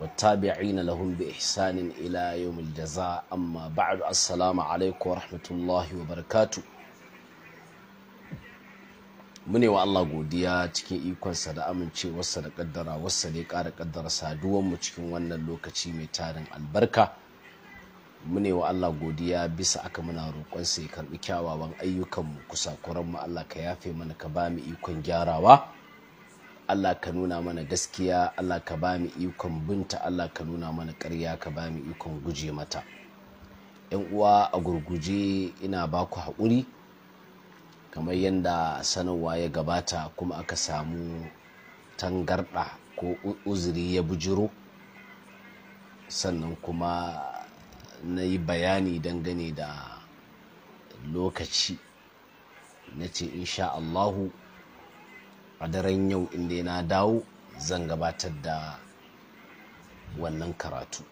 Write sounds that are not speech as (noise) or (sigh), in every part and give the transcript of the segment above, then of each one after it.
والتابعين لهم بإحسان إلى يوم الجزاء أما بعد السلام عليكم ورحمة الله وبركاته mune wa Allah godiya cikin ikonsa da amincewarsa da kaddara wasa ne ƙara kaddara mu cikin wannan lokaci mai tarin albarka mune wa Allah godiya bisa aka muna roƙonsa ya karɓi kyawawan ayyukanmu kusa mu Allah ka yafe mana ka ba mu ikon gyarawa Allah ka nuna mana gaskiya Allah ka ba mu ikon binta Allah ka nuna mana ƙarya ka ba mu ikon guje mata yan uwa a gurguje ina ba ku haƙuri kamar yadda sanarwa ya gabata kuma aka samu tangarɗa ko uzuri ya bujiro sannan kuma na yi bayani dangane da lokaci na ce insha Allahu a daren yau inda na dawo zan gabatar da wannan karatu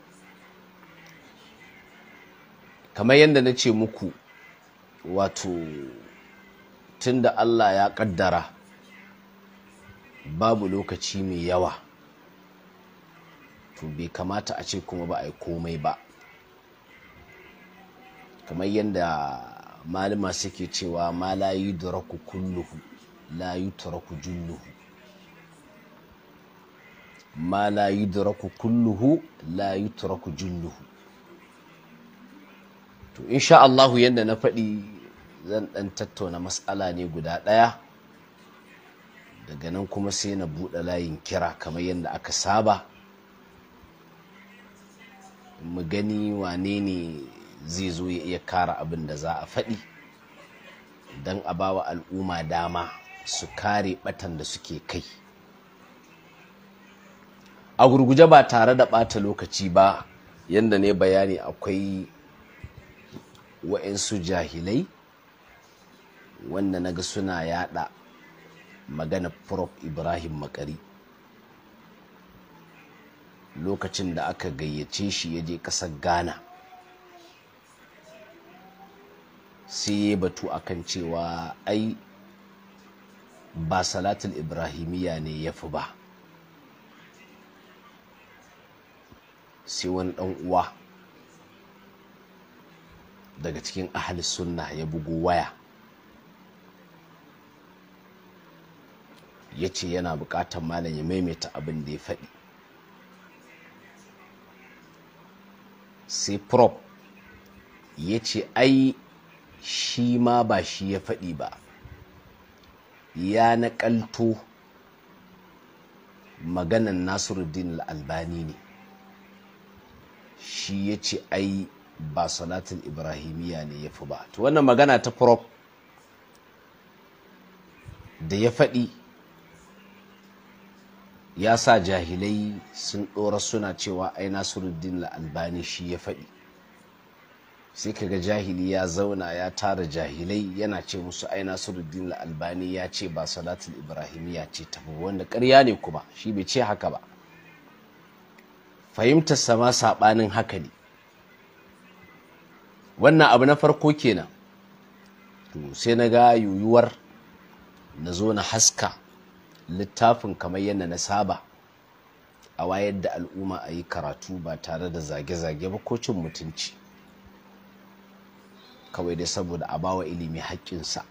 kamar yadda na ce muku wato tunda allah ya kaddara babu lokaci mai yawa to bai kamata a ce kuma ba a yi komai ba kamar yadda malama suke cewa malayi da raku kulluhu la yutraku julluhu ma la yudraku kulluhu la yutraku julluhu to insha Allah yanda na faɗi zan ɗan tattauna matsala ne guda ɗaya daga nan kuma sai na buɗe layin kira kamar yadda aka saba mu gani wane ne zai zo ya iya kara abin da za a faɗi don a bawa al'umma dama su kare batan da suke kai a gurguje ba tare da ɓata lokaci ba yadda ne bayani akwai wa'insu jahilai wanda na ga suna yada magana prof ibrahim makari lokacin da aka gayyace shi ya je ƙasar ghana sai ya batu akan cewa ai ba salatul ibrahimiyya ne ya fi ba sai wani ɗan uwa daga cikin ahli sunna ya bugu waya ya ce yana buƙatar malam ya maimaita abin da ya faɗi sai prop ya ce ai shi ma ba shi ya faɗi ba ya naƙalto maganan nasiruddin al'albani ne shi ya ce ai ba salatul ibrahimiyya ne ya fi ba to wannan magana ta prop da ya faɗi ya sa jahilai sun ɗora suna cewa ai nasiruddin al'albani shi ya faɗi sai kaga jahili ya zauna ya tara jahilai yana ce musu ai nasiruddin albani ya ce ba salatul ibrahimiyya ce ta wanda karya ne kuma shi bai ce haka ba fahimtar sama saɓanin haka ne wannan abu na farko kenan to sai na ga yuyuwar na zo na haska littafin kamar yadda na saba a wayar da al'umma a yi karatu ba tare da zage-zage ba ko cin mutunci kawai dai saboda a bawa ilimi haƙƙinsa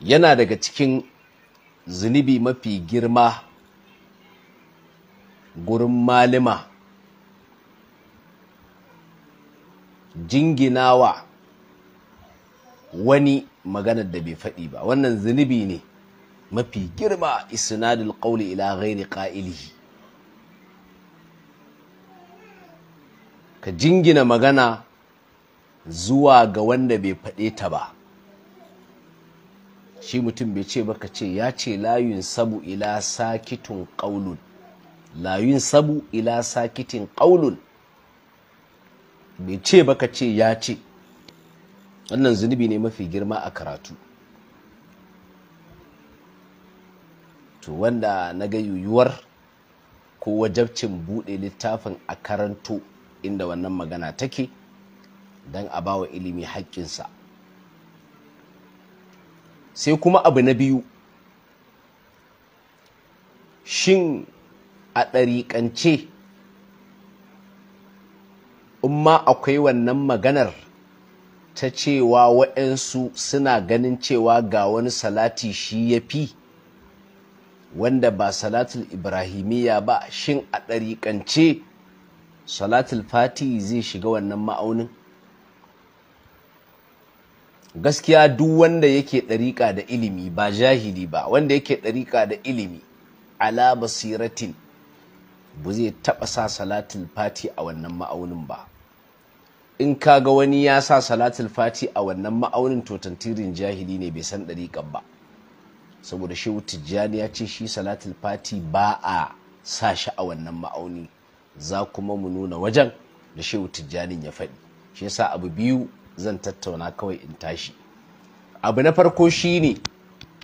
yana daga cikin zunubi mafi girma gurin malima jinginawa wani maganar da bai faɗi ba wannan zunubi ne mafi girma isnadul qawli ila ghairi qa'ilihi ka jingina magana zuwa ga wanda bai faɗe ta ba shi mutum bai ce baka ce ya ce layun sabu ila sakitin ƙaulun layun sabu ila sakitin bai ce baka ce ya ce wannan zunubi ne mafi girma a karatu to wanda na ga yuyuwar ko wajabcin buɗe littafin a karanto inda wannan magana take don a bawa ilimi haƙƙinsa sai kuma abu na biyu shin a ɗariƙance in ma akwai wannan maganar ta cewa waɗansu suna ganin cewa ga wani salati shi ya fi wanda ba salatul ibrahimiyya ba shin a ɗariƙance salatul fati zai shiga wannan ma'aunin gaskiya duk wanda yake ɗariƙa da ilimi ba jahili ba wanda yake ɗariƙa da ilimi ala basiratin ba zai taɓa sa salatul fati a wannan ma'aunin ba in ka ga wani ya sa salatul fati a wannan ma'aunin to tantirin jahili ne bai san ɗariƙan ba saboda shehu tijjani ya ce shi salatul fati ba a sa shi a wannan ma'auni za kuma mu nuna wajen da shehu tijjanin ya faɗi shi yasa abu biyu zan tattauna kawai in tashi abu na farko shine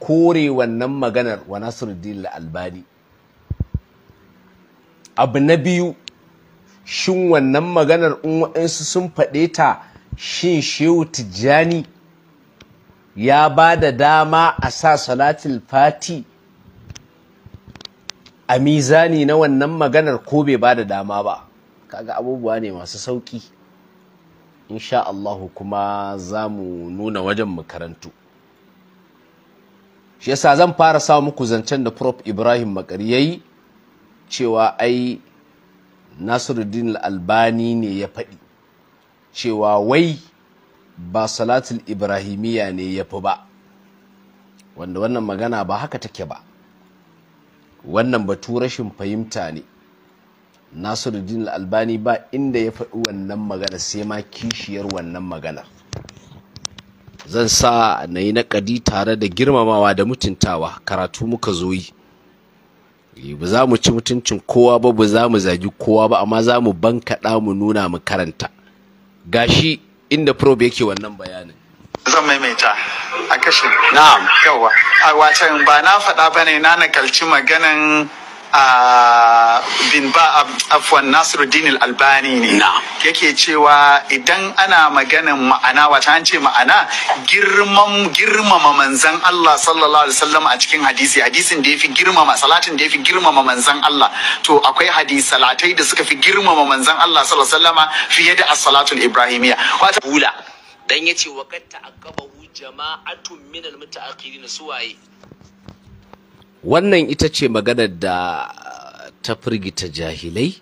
kore wannan maganar wa Nasiruddin Al-Albani abu na biyu shin wannan maganar in waɗansu sun faɗe ta shin Shehu Tijjani ya ba da dama a sa salatul fati a mizani na wannan maganar ko bai ba da dama ba kaga abubuwa ne masu sauki insha Allahu kuma za mu nuna wajen makarantu shi yasa zan fara sa muku zancen da prof ibrahim makari ya yi cewa ai nasiruddin albani ne ya faɗi cewa wai ba salatul ibrahimiyya ne ya fi ba wanda wannan magana ba haka take ba wannan batu rashin fahimta ne nasiruddin albani ba inda ya faɗi wannan magana sai ma kishiyar wannan magana zan sa na yi naƙadi tare da girmamawa da mutuntawa karatu muka zo yi eh, ba za mu ci mutuncin kowa ba ba za mu zagi kowa ba amma za mu bankaɗa mu nuna mu karanta gashi inda probe yake wannan bayanin zan maimaita a kashin na'am yawa a watan ba na faɗa ba ne na nakalci maganin bin ba afwan Nasiruddin albani ne yake cewa idan ana maganin ma'ana wata an ce ma'ana girman girmama manzan Allah sallallahu alaihi wasallam a cikin hadisi hadisin da yafi girmama salatin da yafi girmama manzan Allah to akwai hadisi salatai da suka fi girmama manzan Allah sallallahu alaihi wasallama fiye da as-salatul ibrahimiyya wata bula dan yace waqad ta'aqabahu jama'atun minal mutaakhirin suwaye wannan ita ce maganar da ta firgita jahilai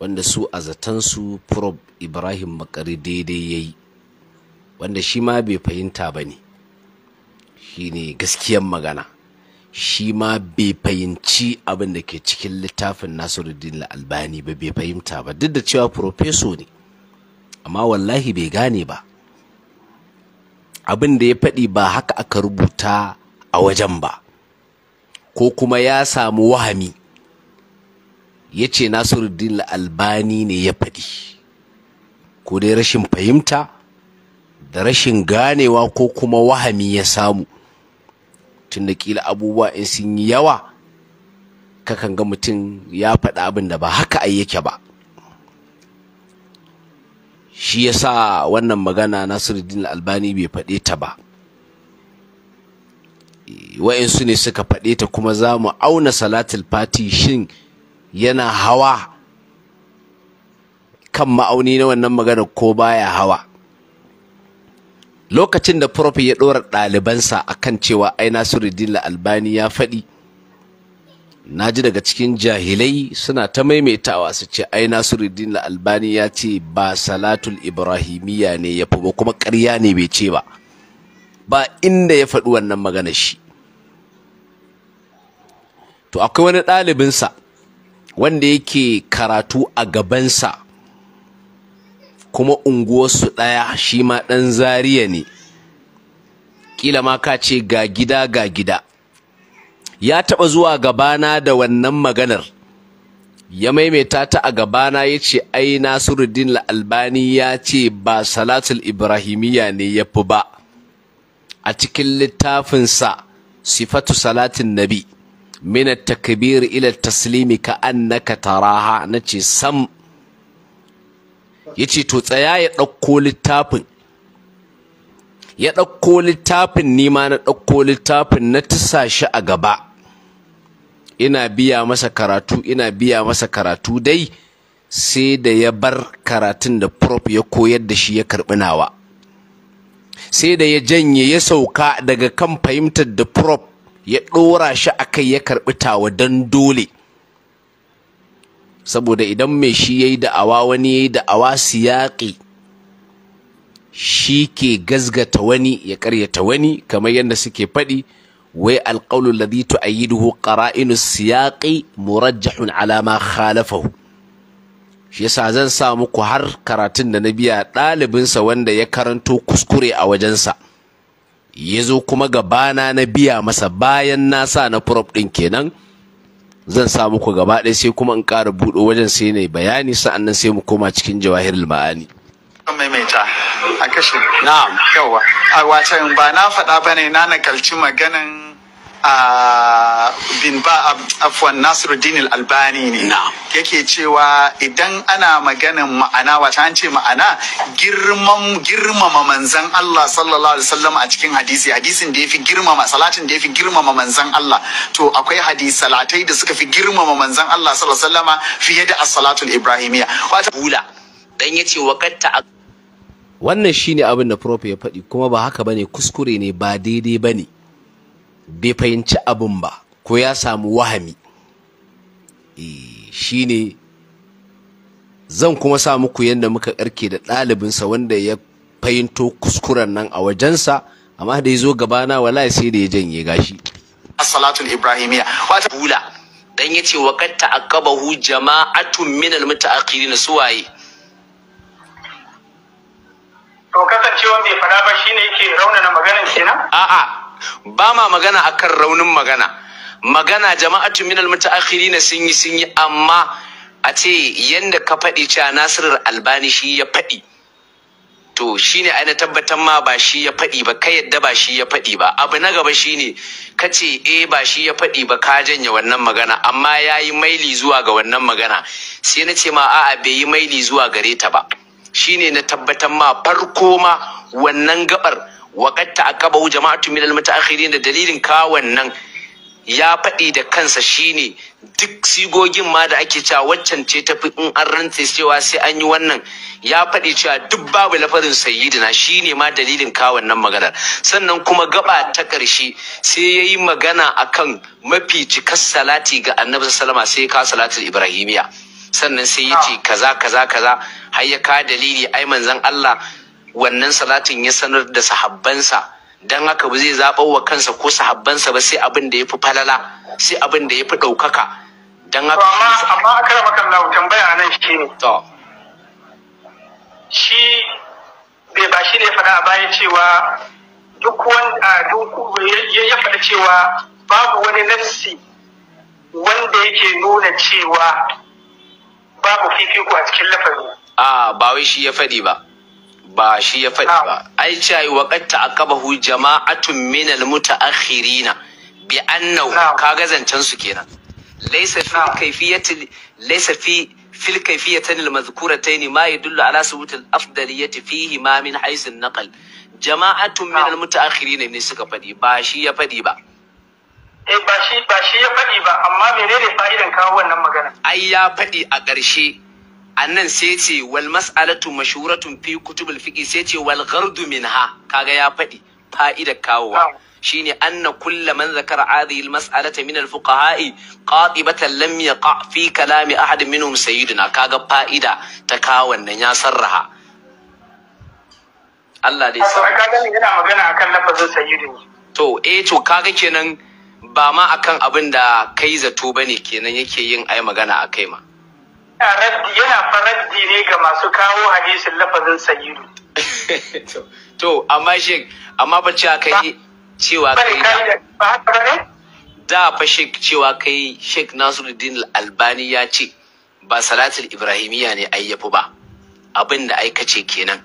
wanda su a zatansu prob ibrahim makari daidai ya yi wanda shi ma bai fahimta ba ne shi ne gaskiyan magana shi ma bai fahimci abin da ke cikin littafin nasiruddin albani ba bai fahimta ba duk da cewa profeso ne amma wallahi bai gane ba abin da ya faɗi ba haka aka rubuta a wajen ba ko kuma ya samu wahami ya ce nasiruddin albani ne ya faɗi ko dai rashin fahimta da rashin ganewa ko kuma wahami ya samu tun da kila abubuwa in sun yi yawa kakan ga mutum ya faɗa abin da ba haka ai yake ba shi yasa wannan magana nasiruddin albani bai faɗe ta ba wa'insu ne suka faɗe ta kuma za mu auna salatul fati shin yana hawa kan ma'auni na wannan maganar ko baya hawa lokacin da prof ya ɗora ɗalibansa a kan cewa ai nasiruddin albani ya faɗi na ji daga cikin jahilai suna ta maimaitawa su ce ai nasiruddin albani ya ce ba salatul ibrahimiyya ne ya fi ba kuma ƙarya ne bai ce ba ba inda ya faɗi wannan magana shi to akwai wani ɗalibinsa wanda yake karatu a gabansa kuma unguwarsu ɗaya shi ma ɗan zariya ne Ƙila ma ka ce ga gida ga gida ya taɓa zuwa gabana da wannan maganar ya maimaita ta a gabana ya ce ai nasiruddin albani ya ce ba salatul ibrahimiyya ne ya fi ba a cikin littafinsa sifatu salatin nabi min takbir ila at ka annaka taraha nace sam yace to tsaya ya ɗauko littafin ya ɗauko littafin ni na ɗauko littafin na tisa shi a gaba ina biya masa karatu ina biya masa karatu dai sai da ya bar karatun da prof ya koyar da shi ya karɓi nawa sai da ya janye ya sauka daga kan fahimtar da prop ya ɗora shi a kai ya karɓi tawa don dole saboda idan mai shi ya yi da'awa wani ya yi da'awa siyaƙi shi ke gazgata wani ya ƙaryata wani kamar yadda suke faɗi wai yi ladhi tu'ayyiduhu qara'inu siyaƙi murajjahun ala ma khalafahu shi yasa zan sa muku har karatun da na biya ɗalibinsa wanda ya karanto kuskure a wajensa ya zo kuma gabana na biya masa bayan na sa na prop ɗin kenan zan sa muku gaba ɗaya sai kuma in ƙara buɗe wajen sai ne bayani nan sai mu koma cikin jawahir ma'ani maimaita a kashe yawa a watan ba na faɗa ba ne na nakalci maganin. bin ba afwan Nasiru albani ne yake cewa idan ana maganin ma'ana wata an ce ma'ana girmama manzan Allah sallallahu alaihi wasallam a cikin hadisi hadisin da yafi girmama salatin da yafi girmama manzan Allah to akwai hadisi salatai da suka fi girmama manzan Allah sallallahu alaihi wasallama fiye da as-salatul ibrahimiyya wata bula dan yace wannan shine abin da prof ya faɗi kuma ba haka bane kuskure ne ba daidai bane bai fahimci abin ba ko ya samu wahami e, shi ne zan kuma sa muku yadda muka karke da ɗalibinsa wanda ya fahimto kuskuren nan a wajensa amma da ya zo gabana wala sai da ya janye gashi salatul ibrahimiyya wata bula dan ya ce wa a ta'aqabahu jama'atun min al na suwaye to kasancewa mai fada ba shine yake raunana maganar kenan a'a ba ma magana akan raunin magana magana jama'atu minal mutaakhirin sun yi sun yi amma a ce yanda ka faɗi cewa Nasiru Albani shi ya faɗi to shine ai na tabbatar ma ba shi ya faɗi ba ka yadda ba shi ya faɗi ba abu na gaba shine ka ce eh ba shi ya faɗi ba ka janya wannan magana amma ya yi maili zuwa ga wannan magana sai na ce ma a'a bai yi maili zuwa gare ta ba shine na tabbatar ma farko ma wannan gabar wa a ta'aqabahu jama'atu min al-mutaakhirin da dalilin kawon nan ya faɗi da kansa shine duk sigogin ma da ake cewa waccan ce tafi in an rantse cewa sai an yi wannan ya faɗi cewa duk babu lafarin sayyidina shine ma dalilin kawon nan maganar sannan kuma gaba ta ƙarshe sai ya yi magana akan mafi cikas salati ga annabi salama sai ya kawo salatul ibrahimiya sannan sai ya ce kaza kaza kaza har ya ka dalili ai manzon Allah wannan salatin ya sanar da sahabbansa don haka ba zai zaɓar wa kansa ko sahabbansa ba sai abin da ya fi falala sai abin da ya fi ɗaukaka don haka amma amma akara makan lawo tambaya nan shi ne to shi bai ba shi ne faɗa a baya cewa duk wanda duk ya faɗa cewa babu wani nafsi wanda yake nuna cewa babu fifiko a cikin lafazi a ba wai shi ya faɗi ba ba shi ya faɗi ba ai cewa waqad ta'aqabahu jama'atun min al-muta'akhirina bi annahu kaga zancen su kenan laysa fi kayfiyati laysa fi fil kayfiyatayn al-madhkuratayn ma yadullu ala subut al-afdaliyyati fihi ma min haythu an-naql jama'atun min al ne suka faɗi ba shi ya faɗi ba eh ba shi ba shi ya faɗi ba amma menene fa'idan kawo wannan magana ai ya faɗi a ƙarshe annan sai ce wal mas'alatu mashhuratun fi kutubul fiqi sai ce wal ghardu minha kaga ya faɗi fa'idar kawowa shine anna kulla man zakara hadhihi al mas'alata min al fuqaha'i qatibatan lam yaqa fi kalami ahad minhum sayyidina kaga fa'ida ta kawo wannan ya sarraha Allah dai sai kaga yana magana akan lafazin sayyidina to eh to kaga kenan ba ma akan abin da kai zato bane kenan yake yin ai magana akai ma yana raddi yana faraddi ne ga masu kawo hadisin lafazin sayyidu (laughs) to amma shi amma ba cewa kai cewa kai da fa shek cewa kai shek Nasiruddin Albani ya ce ba salatul ibrahimiyya ne ayyafu yafi ba abin da ai kace kenan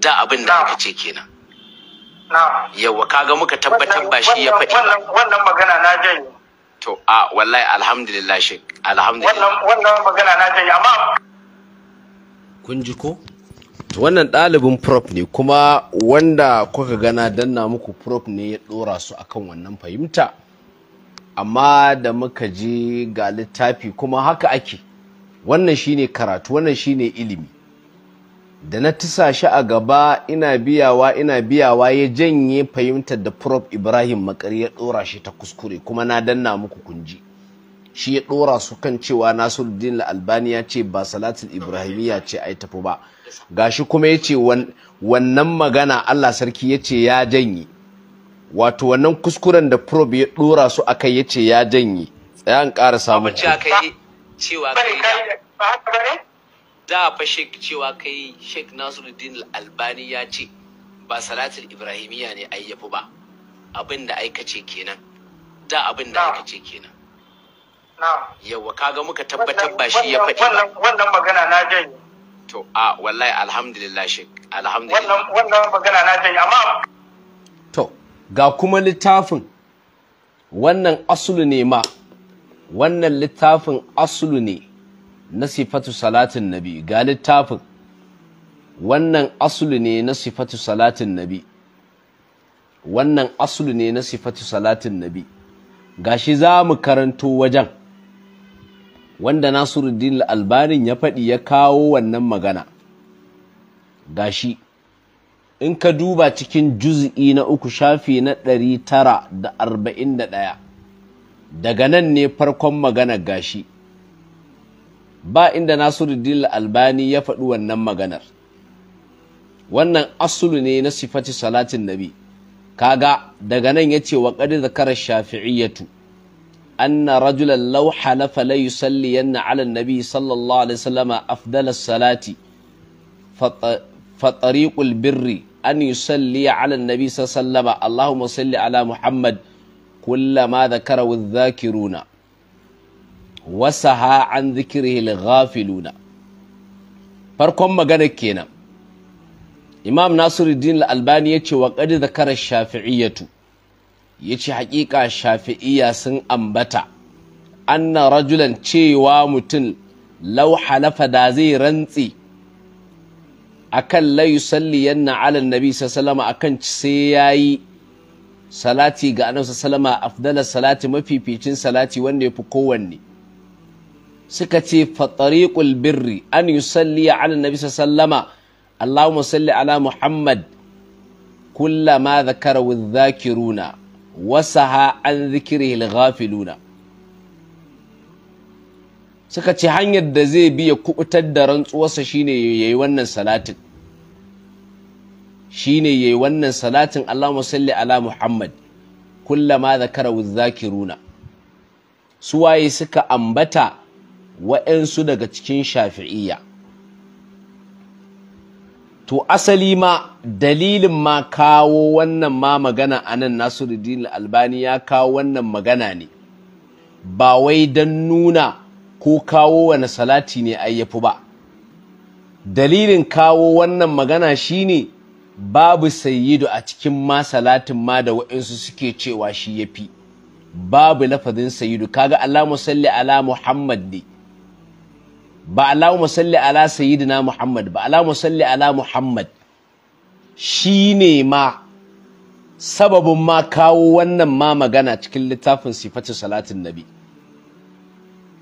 da abin da ai kace kenan yawa kaga muka tabbatar ba shi ya faɗi ba wannan magana na janye to a wallahi alhamdulillah shi alhamdulillah wannan magana na ta amma kun ji ko to wannan ɗalibin prof ne kuma wanda kuka gana danna muku prof ne ya ɗora su akan wannan fahimta amma da muka je ga littafi kuma haka ake wannan shine karatu wannan shine ilimi da na tisa shi a gaba ina biyawa ina biyawa ya janye fahimtar da prof ibrahim makari ya dora shi ta kuskure kuma na danna muku kunji shi ya dora su kan cewa nasiruddin albani ya ce ba salatul ibrahimiyya ce ai tafi ba gashi kuma ya ce wannan magana allah sarki ya ce ya janye wato wannan kuskuren da prof ya dora su aka ya ce ya janye ya in ƙara samun cewa da fa shek cewa kai shek nasiruddin albani ya ce ba salatul ibrahimiyya ne ai yafi ba abin da aikace kenan da abin da aikace kenan yawa kaga muka tabbatar ba shi ya faɗi ba wannan magana na janye to a wallahi alhamdulillah shek alhamdulillah wannan magana na janye amma to ga kuma littafin wannan asulu ne ma wannan littafin asulu ne na sifatu salatin nabi ga littafin wannan asulu ne na sifatu salatin nabi wannan asulu ne na sifatu salatin nabi gashi za mu karanto wajen wanda nasiruddin albanin ya faɗi ya kawo wannan magana gashi in ka duba cikin juz'i na uku shafi na ɗari tara da arba'in da ɗaya daga nan ne farkon magana gashi ba inda Nasiruddin Albani ya faɗi wannan maganar wannan asulu ne na sifati salatin nabi kaga daga nan yace wa qad zakara shafi'iyyatu anna rajulan law halafa la yusalliyanna 'ala nabi sallallahu alaihi wasallam afdala as-salati فطريق birri أن يصلي على النبي صلى الله عليه وسلم اللهم صل على محمد كلما ذكره الذاكرون wasaha an zikrihi al-ghafiluna farkon magana kenan imam nasiruddin al-albani yace wa qad zakara shafi'iyatu yace haƙiƙa shafi'iya sun ambata anna rajulan cewa mutum law halafa da zai rantsi akan la yusalli yanna ala nabi sallallahu akan sai yayi salati ga annabi sallallahu afdala salati mafificin salati wanda yafi kowanne suka ce fa birri an yusalli ala nabi sallama Allahumma salli ala Muhammad kullama dhakara wadh-dhakiruna ha an zikiri al suka ce hanyar da zai bi ya kubutar da rantsuwarsa shine yayi wannan salatin shine yayi wannan salatin Allahumma salli ala Muhammad kullama dhakara wadh-dhakiruna suwaye suka ambata wa'yansu daga cikin shafi'iyya to asali ma dalilin ma kawo wannan ma magana a nan nasiruddin albani ya kawo wannan magana ne ba wai don nuna ko kawo wani salati ne ayyafi ba dalilin kawo wannan magana shine babu sayyidu a cikin ma salatin ma da waɗansu suke cewa shi yafi babu lafazin sayyidu kaga Allah musalli ala Muhammad ne ba Allahumma salli ala sayyidina Muhammad ba Allahumma salli ala Muhammad shine ma sababin ma kawo wannan ma magana cikin littafin sifatu salatin nabi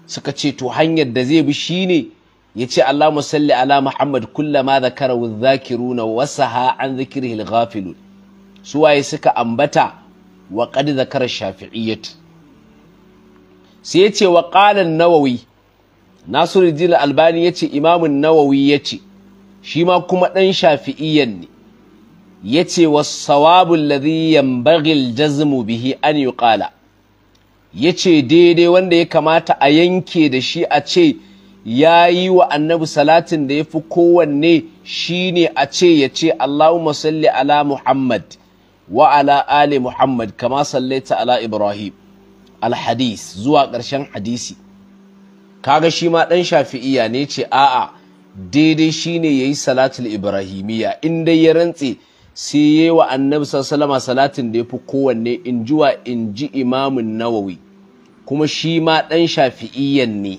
suka ce to hanyar da zai bi shine ya ce Allahumma salli ala Muhammad kullama zakara wa zakiruna wasaha an zikrihi al-ghafilun suwaye suka ambata wa qad zakara shafi'iyyatu sai yace ce wa qala an-nawawi Nasiru nasiruddin albani ya ce imamun nawawi ya ce shi ma kuma ɗan shafi'iyyan ne ya ce wasawabun ladhiyan bagil jazmu bihi an yi ƙala ya ce daidai wanda ya kamata a yanke da shi a ce ya yi wa annabi salatin da ya fi kowanne shi ne a ce ya ce Allahumma salli ala Muhammad wa ala ali Muhammad kama sallaita ala Ibrahim Alhadis zuwa ƙarshen hadisi kaga shi ma ɗan shafi'iya ne ce a'a daidai shine yayi salatul ibrahimiyya in dai ya rantse sai yayi wa annabi sallallahu salatin da yafi kowanne in ji wa in ji imamun nawawi kuma shi ma ɗan shafi'iyan ne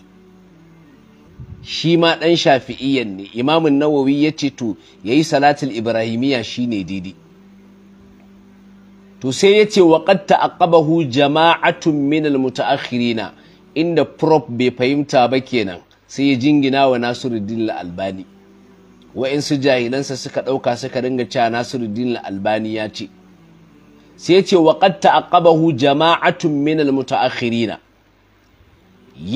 shi ma dan shafi'iyan ne imamun nawawi ya ce to yayi salatul ibrahimiyya shine daidai to sai ya ce wa qad ta'aqqabahu jama'atun min al-muta'akhirina inda prop bai fahimta ba kenan sai ya jingina wa nasiruddin albani wa'insu jahilansa suka ɗauka suka ringa cewa nasiruddin albani ya ce sai ya ce wa qad ta'aqabahu jama'atun min al Ya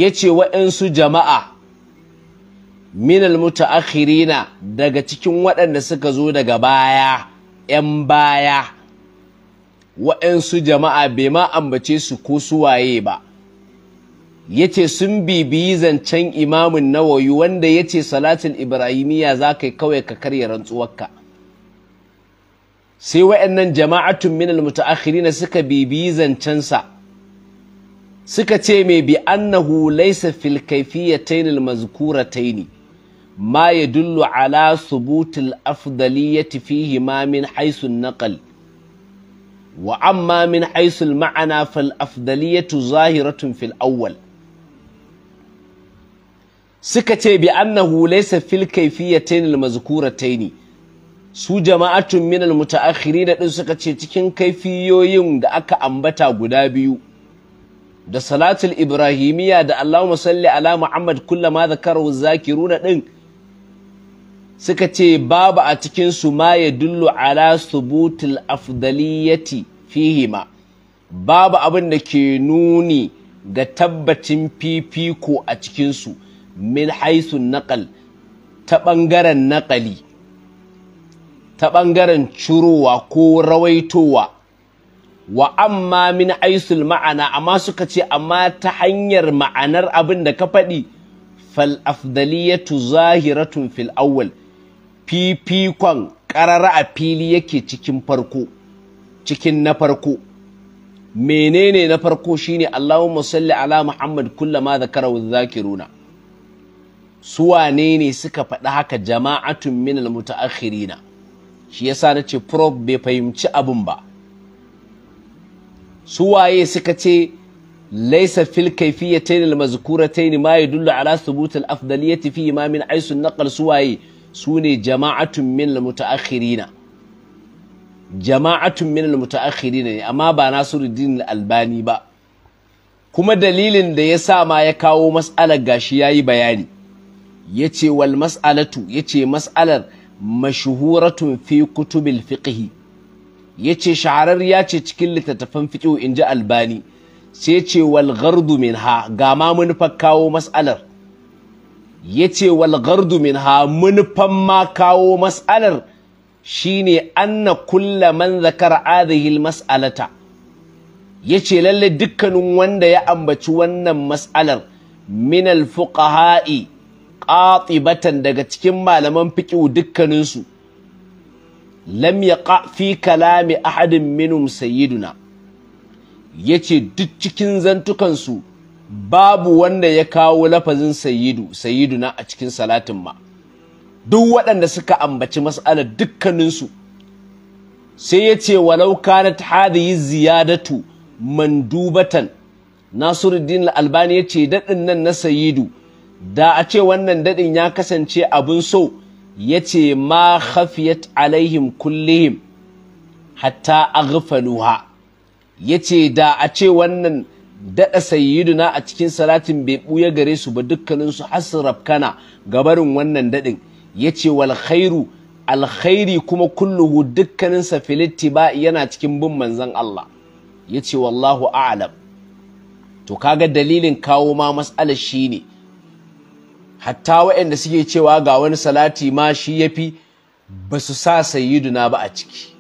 yace wa'insu jama'a min al-muta'akhirina daga cikin waɗanda suka zo daga baya 'yan baya wa'insu jama'a bai ma ambace su ko suwaye ba Ya ce sun bibiyi zancen imamun nawawi wanda ya yace Salatin ibrahimiyya yi kawai ka karya rantsuwarka sai wa'annan jama'atun min almutaakhirin suka bibiyi zancensa. suka ce mai bi annahu laysa fil kayfiyatayn almazkuratayn ma yadullu ala thubutil afdaliyyati fihi ma min haythu an wa amma min haythu al-ma'na fal afdaliyyatu zahiratun fil awwal suka ce bi annahu laysa fil kayfiyatayn al mazkuratayn su jama'atun min al mutaakhirin din suka ce cikin kaifiyoyin da aka ambata guda biyu da salatul ibrahimiyya da Allahumma salli ala Muhammad kullama zakaru zakiruna din suka ce babu a cikin su ma ya dullu ala subutul afdaliyati fihima babu abin da ke nuni ga tabbacin fifiko a cikinsu min haisun naƙal ta ɓangaren naƙali ta ɓangaren curowa ko rawaitowa wa amma min aisul ma'ana amma suka ce amma ta hanyar ma'anar abin da ka faɗi fal afdaliyatu zahiratun fil awwal fifikon ƙarara a fili yake cikin farko cikin na farko menene na farko shine Allahumma salli ala Muhammad kullama zakara wa zakiruna su wane ne suka faɗi haka jama'atun minal mutaakhirina shi yasa na ce prof bai fahimci abin ba su waye suka ce laisa fil kayfiyatayn al ma yadullu ala thubut afdali afdaliyyati fi ma min aisu naqal su waye sune jama'atun minal mutaakhirina jama'atun minal mutaakhirina ne amma ba Nasiruddin Albani ba kuma dalilin da ya sa ma ya kawo matsalar gashi yayi bayani yace wal mas'alatu yace mas'alar mashhuratun fi kutubil fiqhi yace shahararriya ce cikin littattafan fiqh inji albani sai ce wal ghardu minha ga ma manufar kawo mas'alar yace wal min minha manufan ma kawo mas'alar shine anna kulla man zakara adahil mas'alata yace lalle dukkanin wanda ya ambaci wannan mas'alar min al fuqaha'i qatibatan daga cikin malaman fiqhu dukkaninsu lam yaqa fi kalami ahadin minum sayyiduna yace duk cikin zantukansu babu wanda ya kawo lafazin sayyidu sayyiduna a cikin salatin ma duk waɗanda suka ambaci mas'alar dukkaninsu sai yace ce walau kanat hadhihi ziyadatu mandubatan Nasiruddin Al-Albani yace ce daɗin nan na Sayyidu da a ce wannan daɗin ya kasance abin so ya ce ma khafiyat alaihim kullihim hatta a aghfaluha ya ce da a ce wannan daɗa sayyiduna a cikin salatin bai ɓuya gare su ba dukkaninsu hasraf kana gabarin wannan daɗin ya ce walhairu alkhairi kuma kulluhu dukkanin safiliti ba yana cikin bin manzan Allah ya ce wallahu a'lam to kaga dalilin kawo ma matsalar shi ne hatta waɗanda suke cewa ga wani salati ma shi ya fi ba su sa sayiduna ba a ciki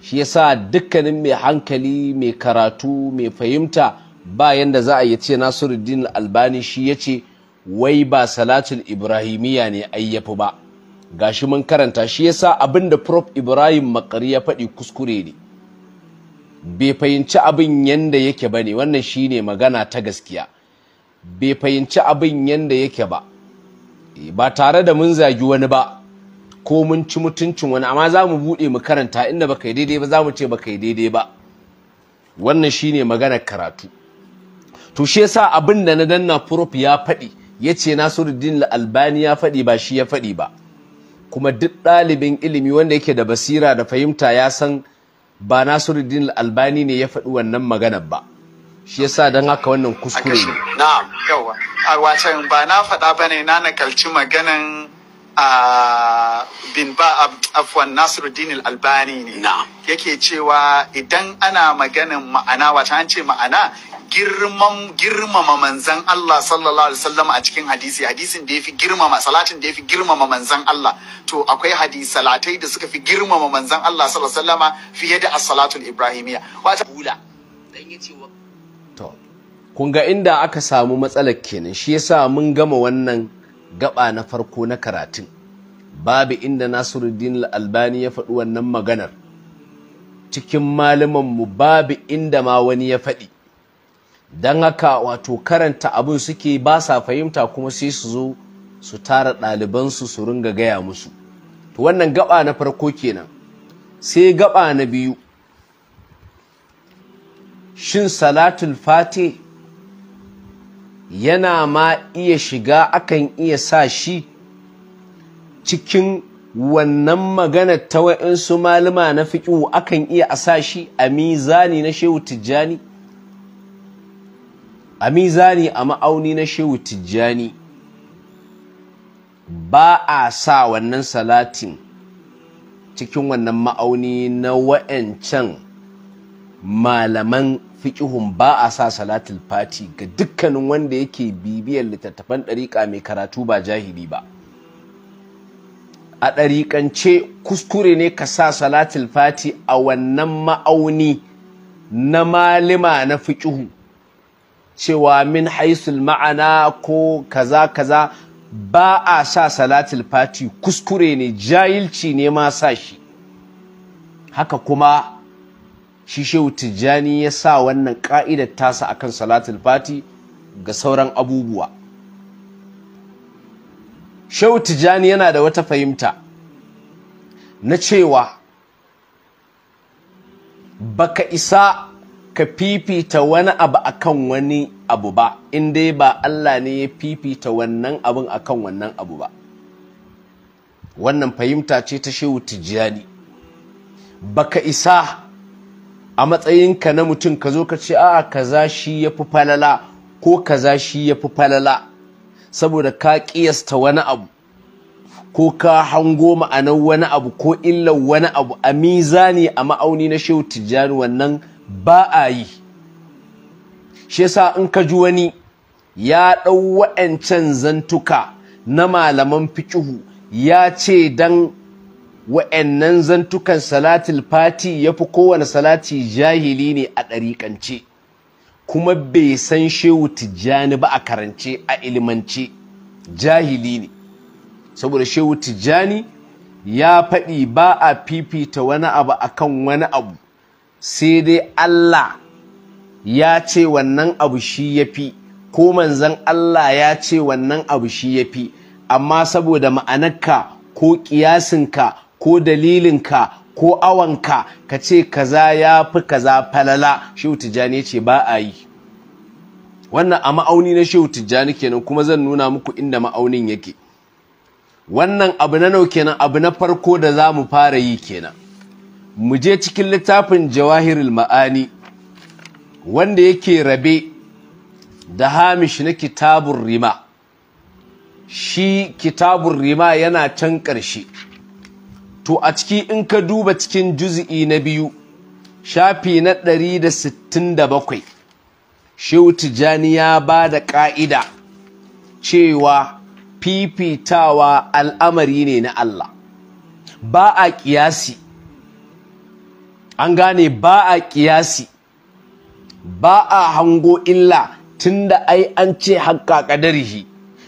shi ya sa dukkanin mai hankali mai karatu mai fahimta ba yanda za a yi ce Nasiruddin Albani shi ya ce wai ba salatin ibrahimiyya ne ayyafi ba gashi mun karanta shi ya sa abin da prof Ibrahim Makari ya faɗi kuskure ne bai fahimci abin yanda yake ne. wannan shi ne magana ta gaskiya bai fahimci abin yadda yake ba eh, ba tare da mun zagi wani ba ko mun ci mutuncin wani amma za mu buɗe mu karanta inda ba kai daidai ba za mu ce ba kai daidai ba wannan shine maganar karatu to shi yasa abin da na danna prof ya faɗi ya ce nasiruddin albani ya faɗi ba shi ya faɗi ba kuma duk ɗalibin ilimi wanda yake da basira da fahimta ya san ba nasiruddin albani ne ya faɗi wannan maganar ba shi yasa don haka wannan kuskure ne na'am yawa a wacan ba na faɗa bane na nakalci maganan a bin ba afwan Nasiruddin albani ne yake cewa idan ana maganin ma'ana wata an ce ma'ana girman girmama manzan Allah sallallahu alaihi wasallam a cikin hadisi hadisin da yafi girmama salatin da yafi girmama manzan Allah to akwai hadisi salatai da suka fi girmama manzan Allah sallallahu alaihi wasallama fiye da as-salatul ibrahimiyya wata bula kun ga inda aka samu matsalar kenan shi yasa mun gama wannan gaba na farko na karatun babu inda Nasiruddin Al-Albani ya faɗi wannan maganar cikin malaman mu babu inda ma wani ya faɗi dan haka wato karanta abin suke ba sa fahimta kuma sai su zo su tara ɗalibansu su ringa gaya musu to wannan gaba na farko kenan sai gaba na biyu shin salatul fatih yana ma iya shiga akan iya sa shi cikin wannan magana ta wa'insu malama na fiƙihu akan iya a sa shi a mizani na shehu tijjani a mizani a ma'auni na shehu tijjani ba a sa wannan salatin cikin wannan ma'auni na wa'ancan malaman fiƙihun ba a sa salatul fati ga dukkanin wanda yake bibiyar littattafan ɗariƙa mai karatu ba jahili ba a ɗariƙance kuskure ne ka sa salatul fati a wannan ma'auni na malima na fiƙihu cewa min haisul ma'ana ko kaza kaza ba a sa salatul fati kuskure ne jahilci ne ma sa shi haka kuma shi shehu tijjani ya sa wannan ka'idar tasa akan salatul fati ga sauran abubuwa shehu tijjani yana da wata fahimta na cewa baka isa ka fifita wani abu akan wani abu ba in dai ba Allah ne ya fifita wannan abin akan wannan abu ba wannan fahimta ce ta shehu tijjani baka isa a matsayinka na mutum ka zo ka ce a'a za shi ya fi falala ko za shi ya fi falala saboda ka ƙiyasta wani abu ko ka hango ma'anar wani abu ko illar wani abu a mizani a ma'auni na shehu tijjani wannan ba a yi shi yasa in ka ji wani ya ɗau wa'ancan zantuka na malaman fiƙihu ya ce dan wa'annan zantukan salatul fati ya fi kowane salati jahili ne a ɗariƙance kuma bai san shehu tijjani ba a karance a ilimance jahili ne saboda shehu tijjani ya faɗi ba a fifita wani abu akan wani abu sai dai Allah ya ce wannan abu shi ya fi ko manzan Allah ya ce wannan abu shi ya fi amma saboda ma'anarka ko ƙiyasinka ko dalilinka ko awanka ka ce kaza ya fi kaza falala shehu tijjani ce ba a yi wannan a ma'auni na shehu tijjani kenan kuma zan nuna muku inda ma'aunin yake wannan abu na nau kenan abu na farko da za mu fara yi kenan mu je cikin littafin jawahirul ma'ani wanda yake rabe da hamish na kitabun rima shi kitabun rima yana can ƙarshe to a ciki in ka duba cikin juzi'i na biyu shafi na ɗari da sittin 167 shehu tijjani ya ba da ƙa'ida cewa fifitawa al'amari ne na Allah ba a ƙiyasi an gane ba a ƙiyasi ba a hango illa tunda ai an ce haƙƙa ƙadarihi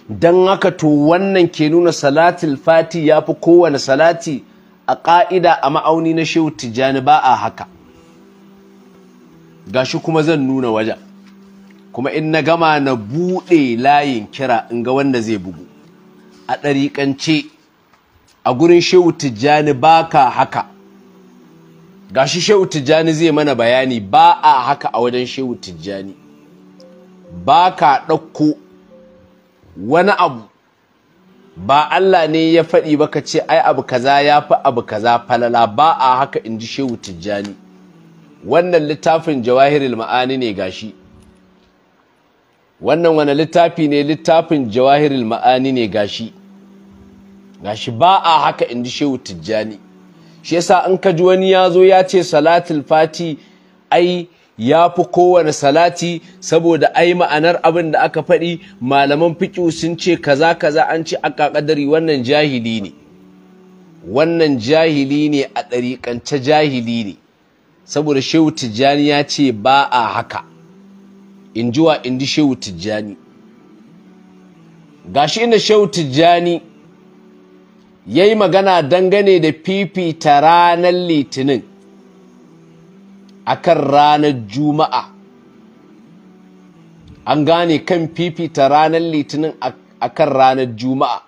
don haka to wannan ke nuna salatul fati ya fi kowane salati a ƙa'ida a ma'auni na shehu tijjani ba a haka ga shi kuma zan nuna wajen kuma in na gama na buɗe layin kira in ga wanda zai bugu a ɗariƙance a gurin shehu tijjani ba ka haka ga shi shehu tijjani zai mana bayani ba a haka a wajen shehu tijjani ba ka ɗauko wani abu ba Allah ne ya faɗi ba ka ce ai abu kaza ya fi abu kaza falala ba a haka in ji shehu tijjani wannan littafin jawahirul ma'ani ne gashi wannan wani littafi ne littafin jawahirul ma'ani ne gashi gashi ba a haka in ji shehu tijjani shi yasa in ka ji wani ya zo ya ce salatul fati ai ya fi kowane salati saboda ai ma'anar abin da aka faɗi malaman fiƙi sun ce kaza kaza an ce aka ƙadari wannan jahili ne wannan jahili ne a ɗariƙance jahili ne saboda shehu tijjani ya ce ba a haka in ji wa in ji shehu tijjani gashi inda shehu tijjani ya yi magana dangane da fifita ranar litinin akan ranar juma'a an gane kan fifita ranar litinin akan ranar juma'a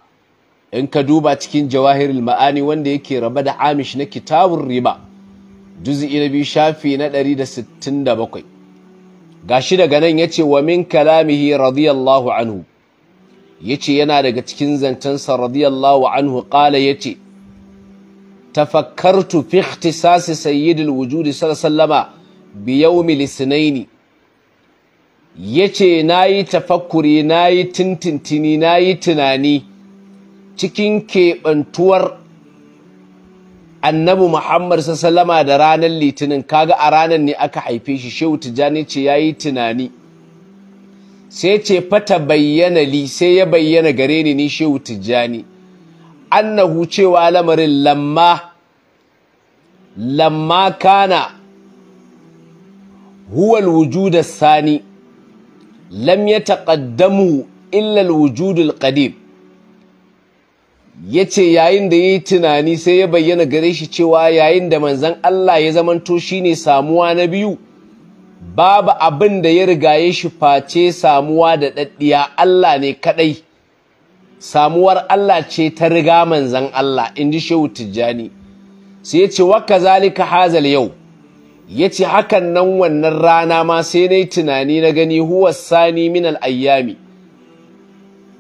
in ka duba cikin jawahirul ma'ani wanda yake raba da amish na kitabun riba juz'i na biyu shafi na 167 gashi daga nan yace wa min kalamihi radiyallahu anhu yace yana daga cikin zantansa radiyallahu anhu qala yace tafakkartu fi ikhtisasi sayyidil wujudi sallama bi yawmil isnaini yace nayi tafakkuri nayi tintintini nayi tunani cikin keɓantuwar annabi Muhammad sallama da ranar litinin kaga a ranar ne aka haife shi shehu tijani ce yayi tunani sai ce fata bayyana li sai ya bayyana gare ni ni shehu tijani annahu cewa lamarin lamma lamma kana huwa alwujud sani lam yataqaddamu illa alwujud alqadim yace yayin da yayi tunani sai ya bayyana gare shi cewa yayin da manzon Allah ya zamanto shine samuwa na biyu babu abin da ya rigaye shi face samuwa da daddiya Allah ne kadai samuwar Allah ce ta riga manzan Allah in ji shehu tijjani sai ya ce waka zalika hazal yau ya ce hakan nan wannan rana ma sai na yi tunani na gani huwa sani min al'ayyami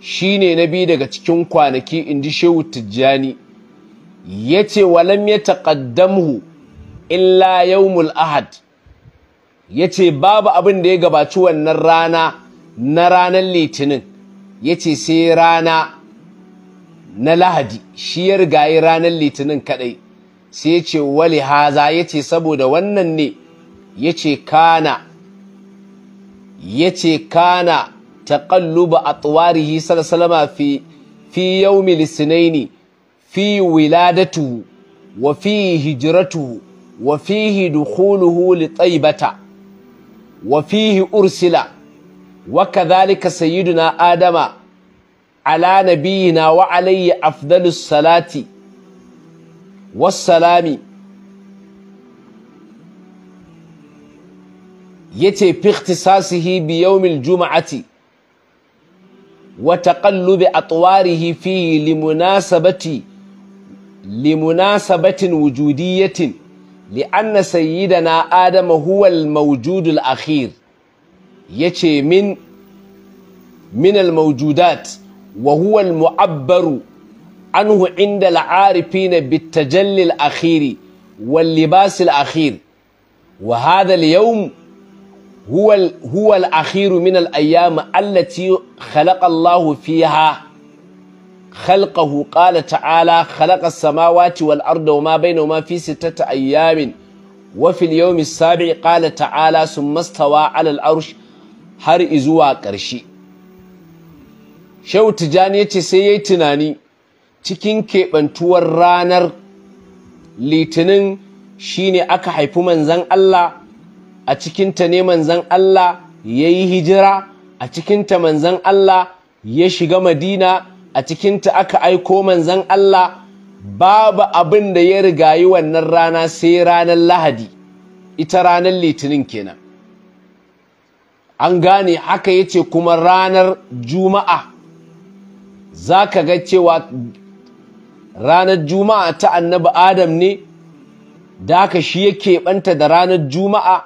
shi ne na bi daga cikin kwanaki in ji shehu tijjani ya ce walam ya taƙaddamhu illa yawmul ahad ya ce babu abin da ya gabaci wannan rana na ranar litinin ya ce sai rana na lahadi shi ya yi ranar litinin kadai sai ya ce wali haza ya ce saboda wannan ne ya ce kana ya ce kana taƙalluba a tsawarihi salama fi yau yaumi ne fi wiladatu wa fi hijiratu wa fihi dukhuluhu taibata wa ursila wa Sayyidu sayyiduna adama ala nabiyina wa alayhi afdalus salati wassalami yace fi ikhtisasihi bi yawmil juma'ati wa taqallubi atwarihi fi limunasabati limunasabatin wujudiyatin li'anna sayyidana adama huwa al-mawjud al-akhir Yace min minal maujudat wa huwal mu'abbaru anhu inda la'arifi na bitajallil akhiri wal libasil akhir wa hadha al-yawm huwa huwa al-akhir min al-ayyam allati khalaqa Allahu fiha khalqahu qala ta'ala khalaqa as-samawati wal arda wa ma baynahuma fi sittati ayyamin wa fil yawmi as-sabi'i qala ta'ala summa istawa 'ala al har izuwa ƙarshe shehu tijjani ya ce sai ya yi tunani cikin keɓantuwar ranar litinin shi ne aka haifi manzan Allah a cikinta ne manzan Allah ya yi hijira a cikinta manzan Allah ya shiga madina a cikinta aka aiko manzan Allah babu abin da ya rigayi wannan rana sai ranar lahadi ita ranar litinin kenan an gane haka yace kuma ranar juma'a za ka ga cewa ranar juma'a ta annabi adam ne da ka shi ya keɓanta da ranar juma'a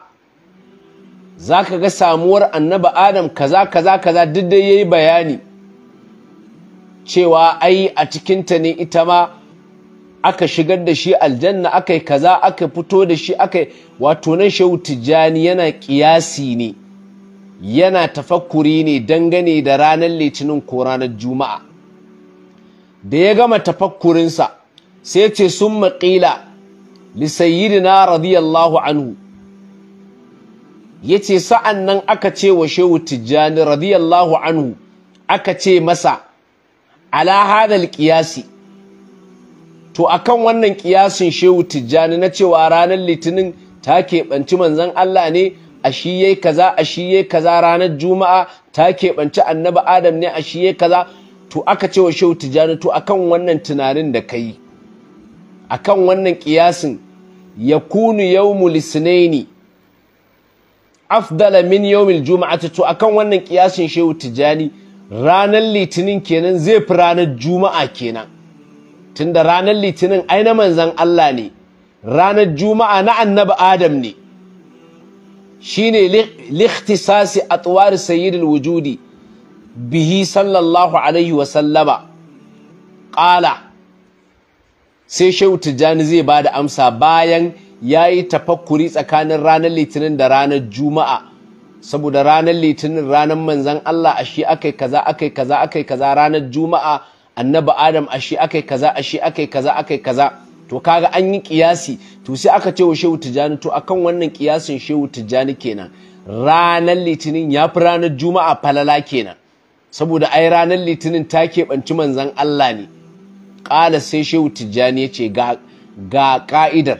za ka ga samuwar annabi adam kaza kaza kaza duk da ya yi bayani cewa ai a cikinta ne ita ma aka shigar da shi aljanna aka yi kaza aka fito da shi aka wato nan shehu tijjani yana ƙiyasi ne yana tafakkuri ne dangane da ranar litinin ko ranar juma'a da ya gama tafakkurinsa sai ce sun maƙila na radiyallahu anhu ya ce sa'an nan aka ce wa shehu tijjani radiyallahu anhu aka ce masa ala hadal ƙiyasi to akan wannan ƙiyasin shehu tijjani na cewa ranar litinin ta keɓanci manzan Allah ne a shi kaza a shi kaza ranar juma'a ta keɓanci annabi adam ne a shi kaza to aka ce wa shehu tijjani to akan wannan tunanin da kai akan wannan kiyasin yakunu yawmul isnaini afdala min yawmil juma'ati to akan wannan kiyasin shehu tijjani ranar litinin kenan zai fi ranar juma'a kenan tunda ranar litinin ai na manzon Allah ne ranar juma'a na annabi adam ne shine likhtisasi atwar sayyidil wujudi bihi sallallahu alaihi wa sallama qala sai shehu tijjani zai ba da amsa bayan ya yi tafakkuri tsakanin ranar litinin da ranar juma'a saboda ranar litinin ranar manzan Allah a shi akai kaza akai kaza akai kaza ranar juma'a annabi adam a shi akai kaza a shi akai kaza akai kaza to kaga an yi kiyasi to sai aka ce wa shehu tijjani to akan wannan kiyasin shehu tijjani kenan ranar litinin ya fi ranar juma'a falala kenan saboda ai ranar litinin ta keɓanci manzan Allah ne ƙala sai shehu tijjani ya ce ga ƙa'idar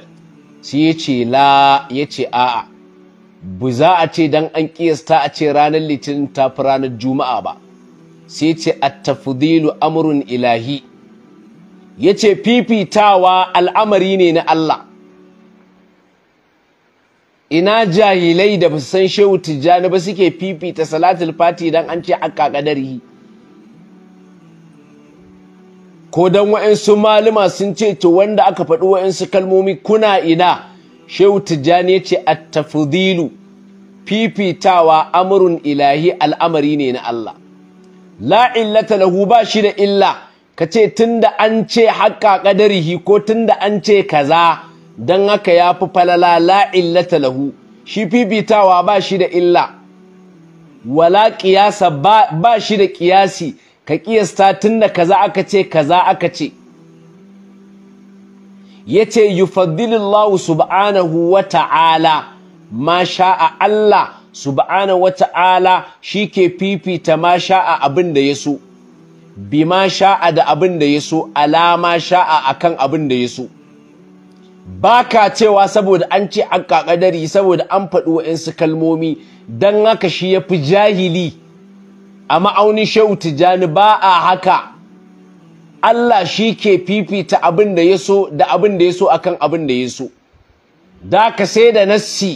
sai ya ce la ya ce a'a bu za a ce don an kiyasta a ce ranar litinin ta fi ranar juma'a ba sai ce a tafudilu amurin ilahi ya ce fifitawa al'amari ne na Allah ina jahilai da ba san shehu tijjani ba suke fifita salatul fati don an ce akka ko don wa'insu maluma sun ce to wanda aka faɗi wa'insu kalmomi kuna ina shehu tijjani ya ce a tafudilu fifitawa amurin ilahi al'amari ne na Allah La’illata lahu ba shi da illa ka ce tunda an ce haƙƙa ƙadarihi ko tunda an ce kaza don haka ya fi falala la illata lahu shi fifitawa ba shi da illa wala ƙiyasa ba shi da ƙiyasi ka ƙiyasta tunda kaza aka ce kaza aka ce ya ce yufaddilillahu subhanahu wa ta'ala ma sha'a Allah subhanahu wa ta'ala shi ke fifita ma sha'a abin da ya so bima sha'a da abin da ya so alama sha'a akan abin da ya so baka cewa saboda an ce an kakadari saboda an faɗi wa'insu kalmomi don haka shi ya fi jahili a ma'aunin shehu tijjani ba a haka Allah shi ke fifita abin da ya so da abin da ya so akan abin da ya so da ka sai da nassi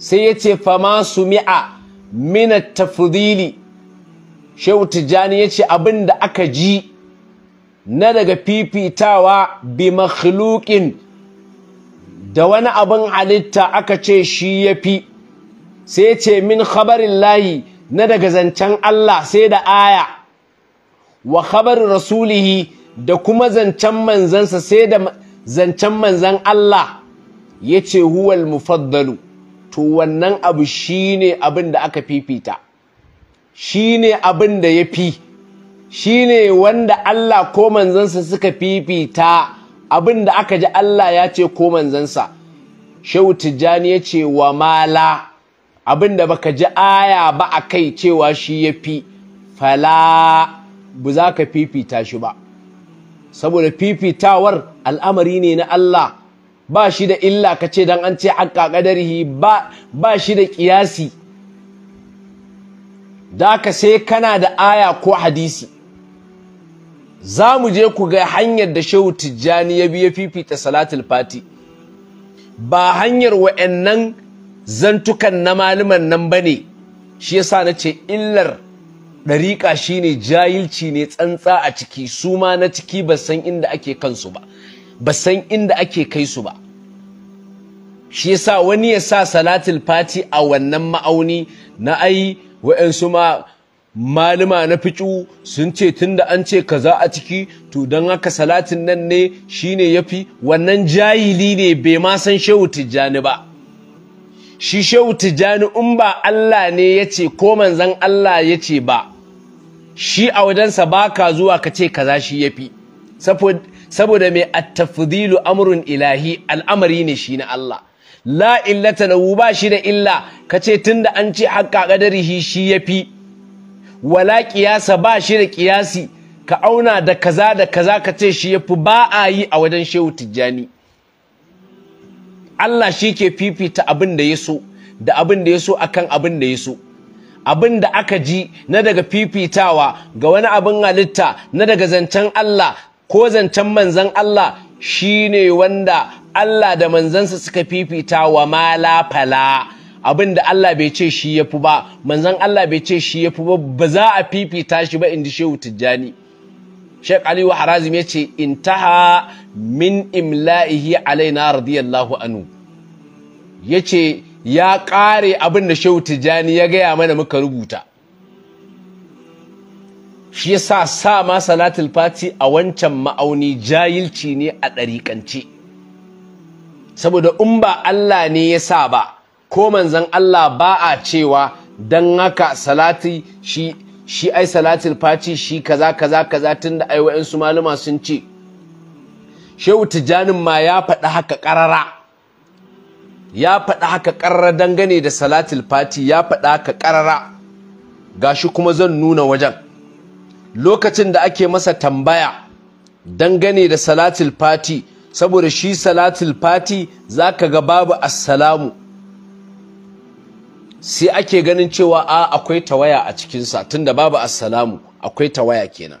sai ya ce fama su mi'a minat tafdili shehu tijjani ya ce abin da aka ji na daga fifitawa bi makhluqin da wani abin halitta aka ce shi ya fi sai ce min khabarin layi na daga zancen Allah sai da aya wa khabarin rasulihi da kuma zancen manzansa sai da zancen manzan Allah ya ce huwal mufaddalu to wannan abu shi ne abin da aka fifita Shi ne abin da ya fi Shi ne wanda Allah ko manzansa suka fifita abin da aka ji Allah ya ce ko manzansa Shehu Tijjani ya ce wa mala abin da baka ji aya ba a kai cewa shi ya fi fala bu za ka fifita shi ba saboda fifitawar al'amari ne na Allah ba shi da illa ka ce don an ce haƙa ba shi da ƙiyasi da ka sai kana da aya ko hadisi za mu je ku ga hanyar da shehu tijjani ya bi ya fifita salatul fati ba hanyar wa'annan zantukan na malaman nan ba ne shi yasa na ce illar ɗariƙa shine jahilci ne tsantsa a ciki su ma na ciki ba san inda ake kansu ba ba san inda ake kai su ba shi yasa wani ya sa salatul fati a wannan ma'auni na ai wa'ansu ma malama na fiƙu sun ce tunda an ce kaza a ciki to don haka salatin nan ne shine yafi wannan jahili ne bai ma san shehu tijani ba shi shehu tijjani in ba Allah ne yace ko manzon Allah yace ba shi a wajensa ba ka zuwa ka ce kaza shi yafi saboda mai at tafdhilu amrun ilahi al'amari ne shi na Allah la illata lahu ba shi da illa kace tunda an ce haqqa qadarihi shi yafi wala qiyasa ba shi da qiyasi ka auna da kaza da kaza kace shi yafi ba a yi a wajen shehu tijjani Allah shi ke fifita abin da ya so da abin da ya akan abin da yaso abin da aka ji na daga fifitawa ga wani abin halitta na daga zancen Allah ko zancen manzan Allah shine wanda Allah da manzansa suka fifita wa mala fala Abinda Allah bai ce shi yafi ba manzan Allah bai ce shi yafi ba ba za a fifita shi ba inda shehu tijjani Sheikh Ali wa Harazim yace intaha min imla'ihi alaina radiyallahu anhu yace ya kare abin da shehu tijjani ya gaya mana muka rubuta shi yasa sa ma salatul fati a wancan ma'auni jahilci ne a ɗariƙance saboda in ba Allah ne ya sa ba ko manzon Allah ba a cewa dan haka salati shi shi ai salatul fati shi kaza kaza kaza tunda ai malama sun ce Shehu Tijanin ma ya faɗi haka ƙarara ya faɗi haka ƙarara dangane da salatul fati ya faɗi haka ƙarara gashi kuma zan nuna wajen lokacin da ake masa tambaya dangane da salatul fati saboda shi salatul fati ka ga babu assalamu sai ake ganin cewa a akwai tawaya a cikinsa tun da babu assalamu akwai tawaya kenan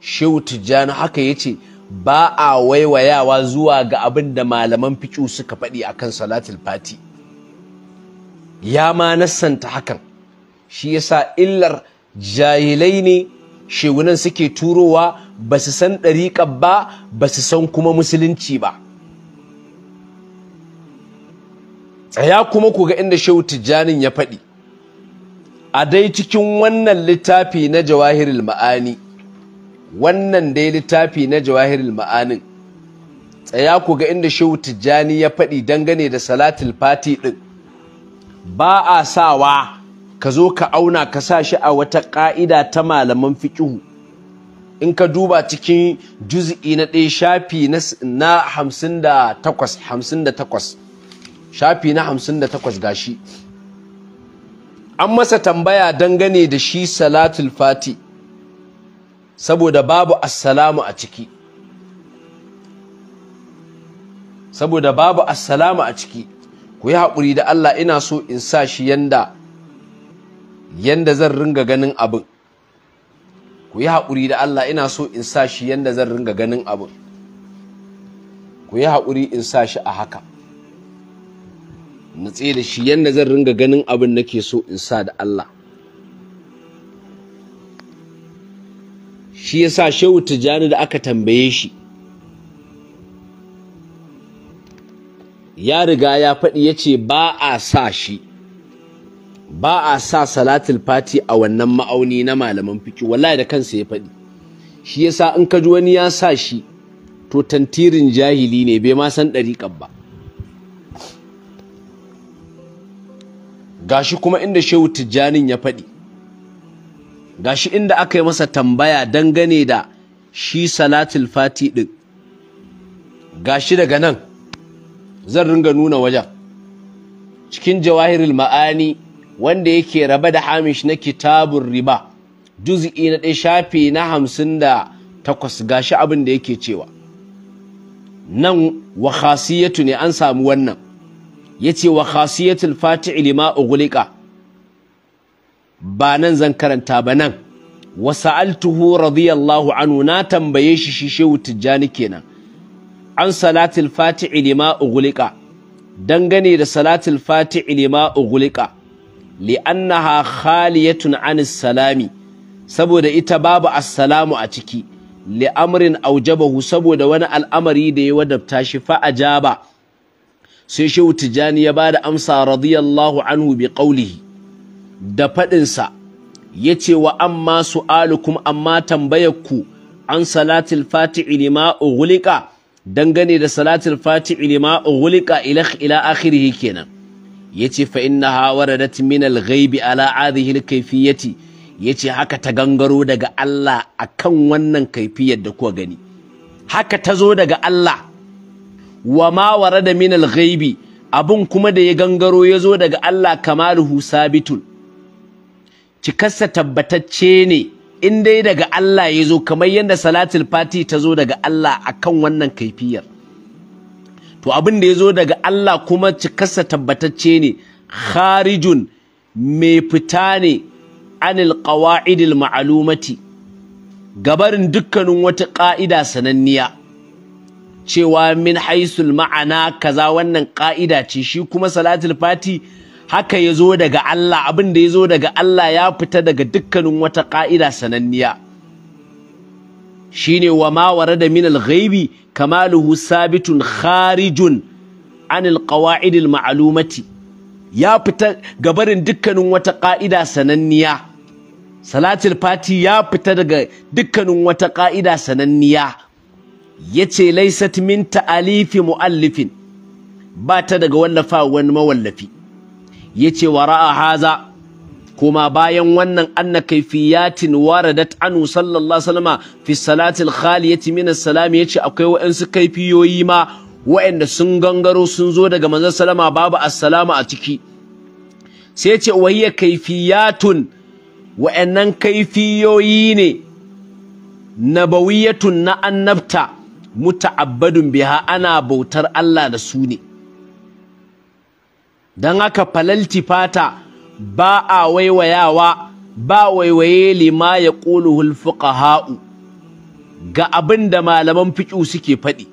shehu tijjani haka ya ce ba a waiwayawa zuwa ga abin da malaman fiƙo suka faɗi akan salatul fati ya ma nassanta hakan shi yasa illar jahilai ne shegunan suke turowa ba su san ɗariƙar ba ba su san kuma musulunci ba tsaya kuma ku ga inda shehu tijjanin ya faɗi a dai cikin wannan littafi na jawahirul ma'ani wannan dai littafi na jawahirul ma'anin tsaya ku ga inda shehu tijjani ya faɗi dangane da salatul fati ɗin ba a sawa ka zo ka auna ka sa shi a wata ƙa'ida ta malaman fiƙihu in ka duba cikin juz'i na ɗaya shafi na hamsin da takwas hamsin da shafi na hamsin da takwas an masa tambaya dangane da shi salatul fati saboda babu assalamu a ciki saboda babu assalamu a ciki ku yi haƙuri da Allah ina so in sa shi yanda yanda zan ringa ganin abin ku yi haƙuri da Allah ina so in sa shi yanda zan ringa ganin abin ku yi haƙuri in sa shi a haka nutse da shi yanda zan ringa ganin abin nake so in sa da Allah shi ya sa shehu tijjani da aka tambaye shi ya riga ya faɗi ya ce ba a sa shi ba a sa salatul fati a wannan ma'auni na malaman fiki wallahi da kansa ya faɗi shi yasa in ka ji wani ya sa shi to tantirin jahili ne bai ma san ɗariƙar ba gashi kuma inda shehu tijjanin ya faɗi gashi inda aka yi masa tambaya dangane da shi salatul fati ɗin gashi daga nan zan ringa nuna wajen cikin jawahirul ma'ani wanda yake raba da hamish na kitabun riba juz'i na ɗaya shafi na hamsin da takwas ga gashi abin da yake cewa nan wa khasiyatu ne an samu wannan ya ce wa khasiyatul fati'i lima ughliqa ba nan zan karanta ba nan wa sa'altuhu radiyallahu anhu na tambaye shi shi shehu tijjani kenan an salatul fati'i lima ughliqa dangane da salatul Fati lima ughliqa li'annaha khaliyatun anis salami saboda ita babu assalamu a ciki li'amrin aujabahu saboda wani al'amari da ya wadabta shi fa ajaba sai shehu tijani ya bada amsa radiyallahu anhu bi qawlihi da fadin sa yace wa amma su'alukum amma tambayarku an salatil fati'i lima ughliqa dangane da salatil fati'i lima ughliqa ila ila akhirih kenan yace fa innaha waradat min al-ghaibi ala hadhihi al-kayfiyati yace haka ta gangaro daga Allah akan wannan kaifiyar da kuka gani haka ta zo daga Allah wa ma warada min al-ghaibi abun kuma da ya gangaro ya zo daga Allah kamaluhu sabitun cikarsa tabbatacce ne in dai daga Allah ya zo kamar yadda salatul fati ta zo daga Allah akan wannan kaifiyar to abin da ya zo daga Allah kuma cikarsa tabbatacce ne kharijun mai fita ne anil qawa'idil ma'alumati gabarin dukkanin wata ƙa'ida sananniya cewa min haisul ma'ana kaza wannan ƙa'ida ce shi kuma salatul fati haka ya zo daga Allah abin da ya zo daga Allah ya fita daga dukkanin wata ƙa'ida sananniya shine wa ma warada min al-ghaibi kamaluhu sabitun kharijun anil al-qawaid al ya fita gabarin dukkanin wata ka'ida sananniya salatul fati ya fita daga dukkanin wata ka'ida sananniya yace laysat min ta'alifi muallifin ba ta daga wallafa wani mawallafi yace wara'a haza kuma bayan wannan anna kaifiyatin waradat anu sallallahu alaihi fi salatil khaliyati min as-salam yace akwai wa'ansu kaifiyoyi ma wa'anda sun gangaro sun zo daga manzon sallama babu assalamu a ciki sai yace wa hiya kaifiyatun wa'annan kaifiyoyi ne nabawiyatun na annabta muta'abbadun biha ana bautar Allah da su ne dan haka falalti fata ba a waiwayawa ba waiwaye lima ya ƙuluhul fuqaha'u ga abin da malaman fiƙu suke faɗi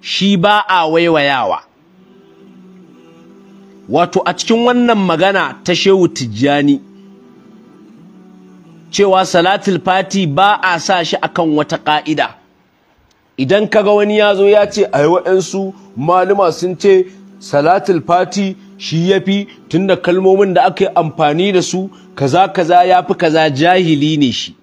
shi ba a waiwayawa wato a cikin wannan magana ta shehu tijjani cewa salatul fati ba a sa shi akan wata ƙa'ida idan kaga wani ya zo ya ce ai waɗansu malama sun ce salatul fati shi ya fi tun kalmomin da aka yi amfani da su kaza kaza ya fi kaza jahili ne shi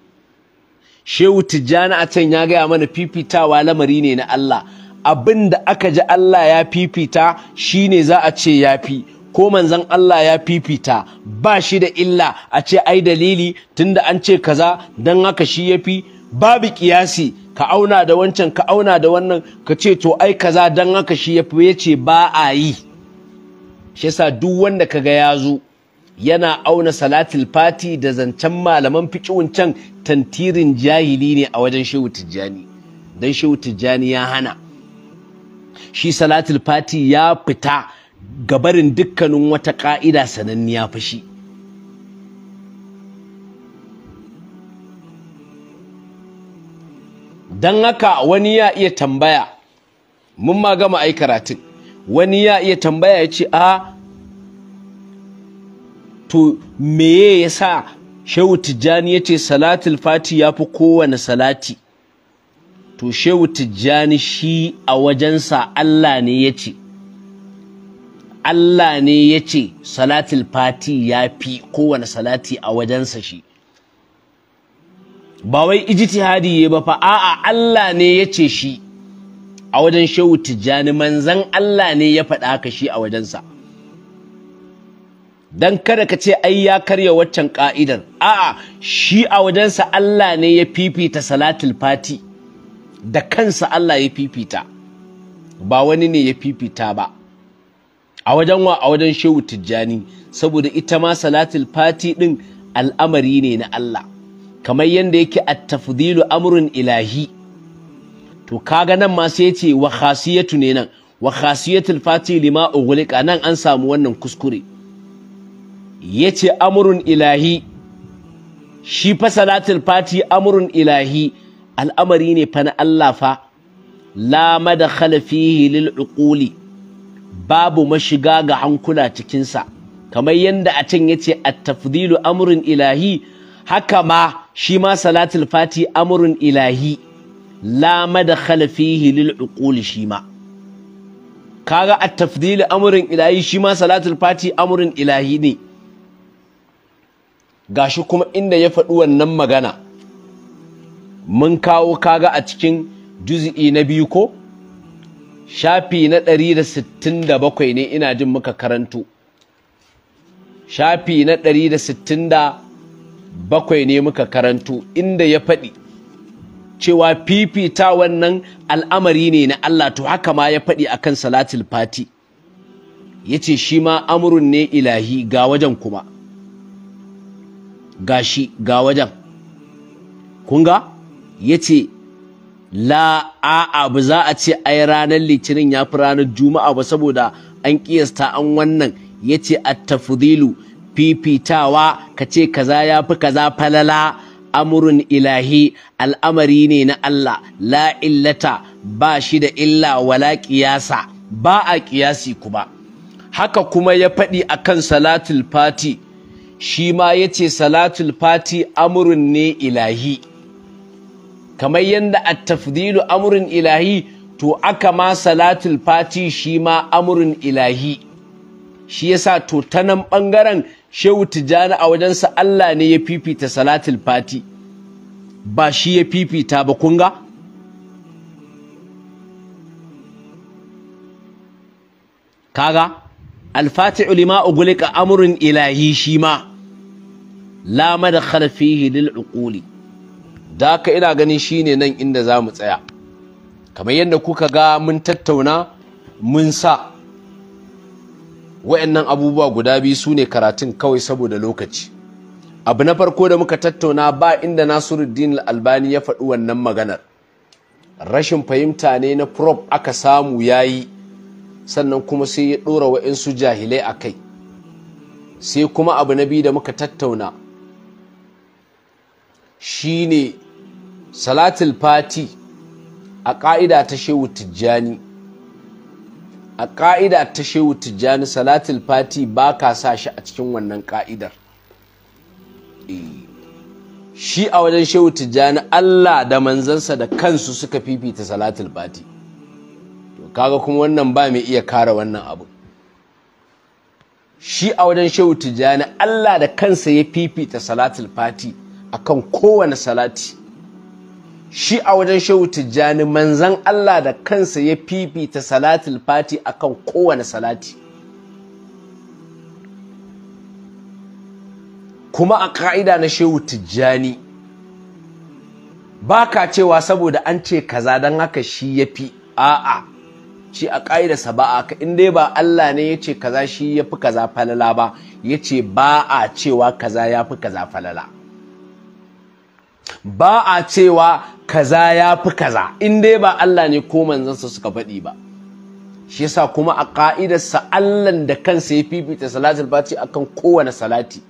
shehu tijjani a can ya gaya mana fifitawa lamari ne na Allah abin da aka ji Allah ya fifita shi ne za a ce ya fi ko manzan Allah ya fifita ba shi da illa a ce ai dalili tunda an ce kaza don haka shi ya fi babu kiyasi ka auna da wancan ka auna da wannan ka ce to ai kaza don haka shi ya fi ya ce ba a yi shi yasa duk wanda kaga ya zo yana auna salatul fati da zancen malaman fiqhun can tantirin jahili ne a wajen shehu tijjani dan shehu tijjani ya hana shi salatul fati ya fita gabarin dukkanin wata ka'ida sananniya fa shi dan haka wani ya iya tambaya mun ma gama ai karatun wani ya iya tambaya ya ce a to meye ya sa shehu tijjani ya ce salatul fati ya fi kowane salati to shehu tijjani shi a wajensa Allah ne ya ce Allah ne ya ce salatul fati ya fi kowane salati a wajensa shi ba wai ijtihadi ya ba fa a'a Allah ne ya ce shi a wajen shehu tijjani manzan Allah ne ya faɗa haka shi a wajensa dan kada ka ce ai ya karya waccan ka'idar a'a shi a wajensa Allah ne ya fifita salatul fati da kansa Allah ya fifita ba wani ne ya fifita ba a wajen wa a wajen shehu tijjani saboda ita ma salatul fati ɗin, al'amari ne na Allah kamar yadda yake at-tafdilu amrun ilahi to kaga nan ma sai yace wa khasiyatu ne nan wa khasiyatul fati lima ughliqa nan an samu wannan kuskure yace amrun ilahi shi fa salatul fati amrun ilahi al'amari ne fa na Allah fa la madkhala fihi lil uquli babu mashiga ga hankula cikin sa kamar yanda a can yace at-tafdilu amrun ilahi haka ma shi ma salatul fati amrun ilahi la مدخل فيه للعقول شيما كاغا التفضيل امر الهي شيما صلاه الفاتي امر fati ني ilahi ne gashi kuma inda ya faɗi wannan magana mun kawo kaga a cikin juz'i na biyu ko shafi na 167 ne ina jin muka karanto shafi na 167 ne muka karanto inda ya faɗi cewa fifita wannan al'amari ne na Allah to haka ma ya faɗi a akan salatul fati ce shi ma amurin ne ilahi ga wajen kuma ga shi, ga wajen kunga Ya ce la a'a ba za a ce ai ranar litinin ya fi ranar juma'a ba saboda an kiyasta an wannan Ya yace a tafudilu fifitawa kace kaza ya fi kaza falala Amurun ilahi al'amari ne na Allah la illata ba shi da illa wala kiyasa ba a ƙiyasi kuma haka kuma ya faɗi akan salatul fati shi ma yace salatul fati amurun ne ilahi kamar yadda a tafdilu amurin ilahi to aka ma salatul fati shi ma amurin ilahi shi yasa to ta nan ɓangaren shehu tijjani a wajen wajensa Allah ne ya fifita salatul fati ba shi ya fifita ba kunga kaga alfati'u lima ughliqa amrun ilahi shi ma la madkhala fihi lil uquli daka ina ganin shine nan inda zamu tsaya kamar yadda kuka ga mun tattauna mun sa wa'annan abubuwa guda biyu su ne karatun kawai saboda lokaci abu na farko da muka tattauna ba inda nasiruddin albani ya faɗi wannan maganar rashin fahimta ne na prop aka samu ya yi sannan kuma sai ya ɗora wa'insu jahilai a kai sai kuma abu na biyu da muka tattauna shi ne salatul fati a ƙa'ida ta shehu tijjani a ƙa'ida ta shehu tijjani salatul fati ba ka sa shi a cikin wannan ƙa'idar e, shi a wajen shehu tijjani allah da manzansa da kansu suka fifita salatul fati To kaga kuma wannan ba mai iya kare wannan abu shi a wajen shehu tijjani allah da kansa ya fifita salatul fati akan kowane salati shi a wajen shehu tijjani manzan Allah da kansa ya fifita salatul fati akan kowane salati kuma a ka'ida na shehu tijjani ba ka cewa saboda an ce kaza don haka shi ya fi a'a shi a sa ba a in dai ba Allah ne ya ce kaza shi ya fi kaza falala ba ya ce ba a cewa kaza ya fi kaza falala ba a cewa kaza ya fi kaza in dai ba Allah ne ko manzansa suka faɗi ba shi yasa kuma a ƙa'idarsa Allah da kansa ya fifita salatul fati akan kowane salati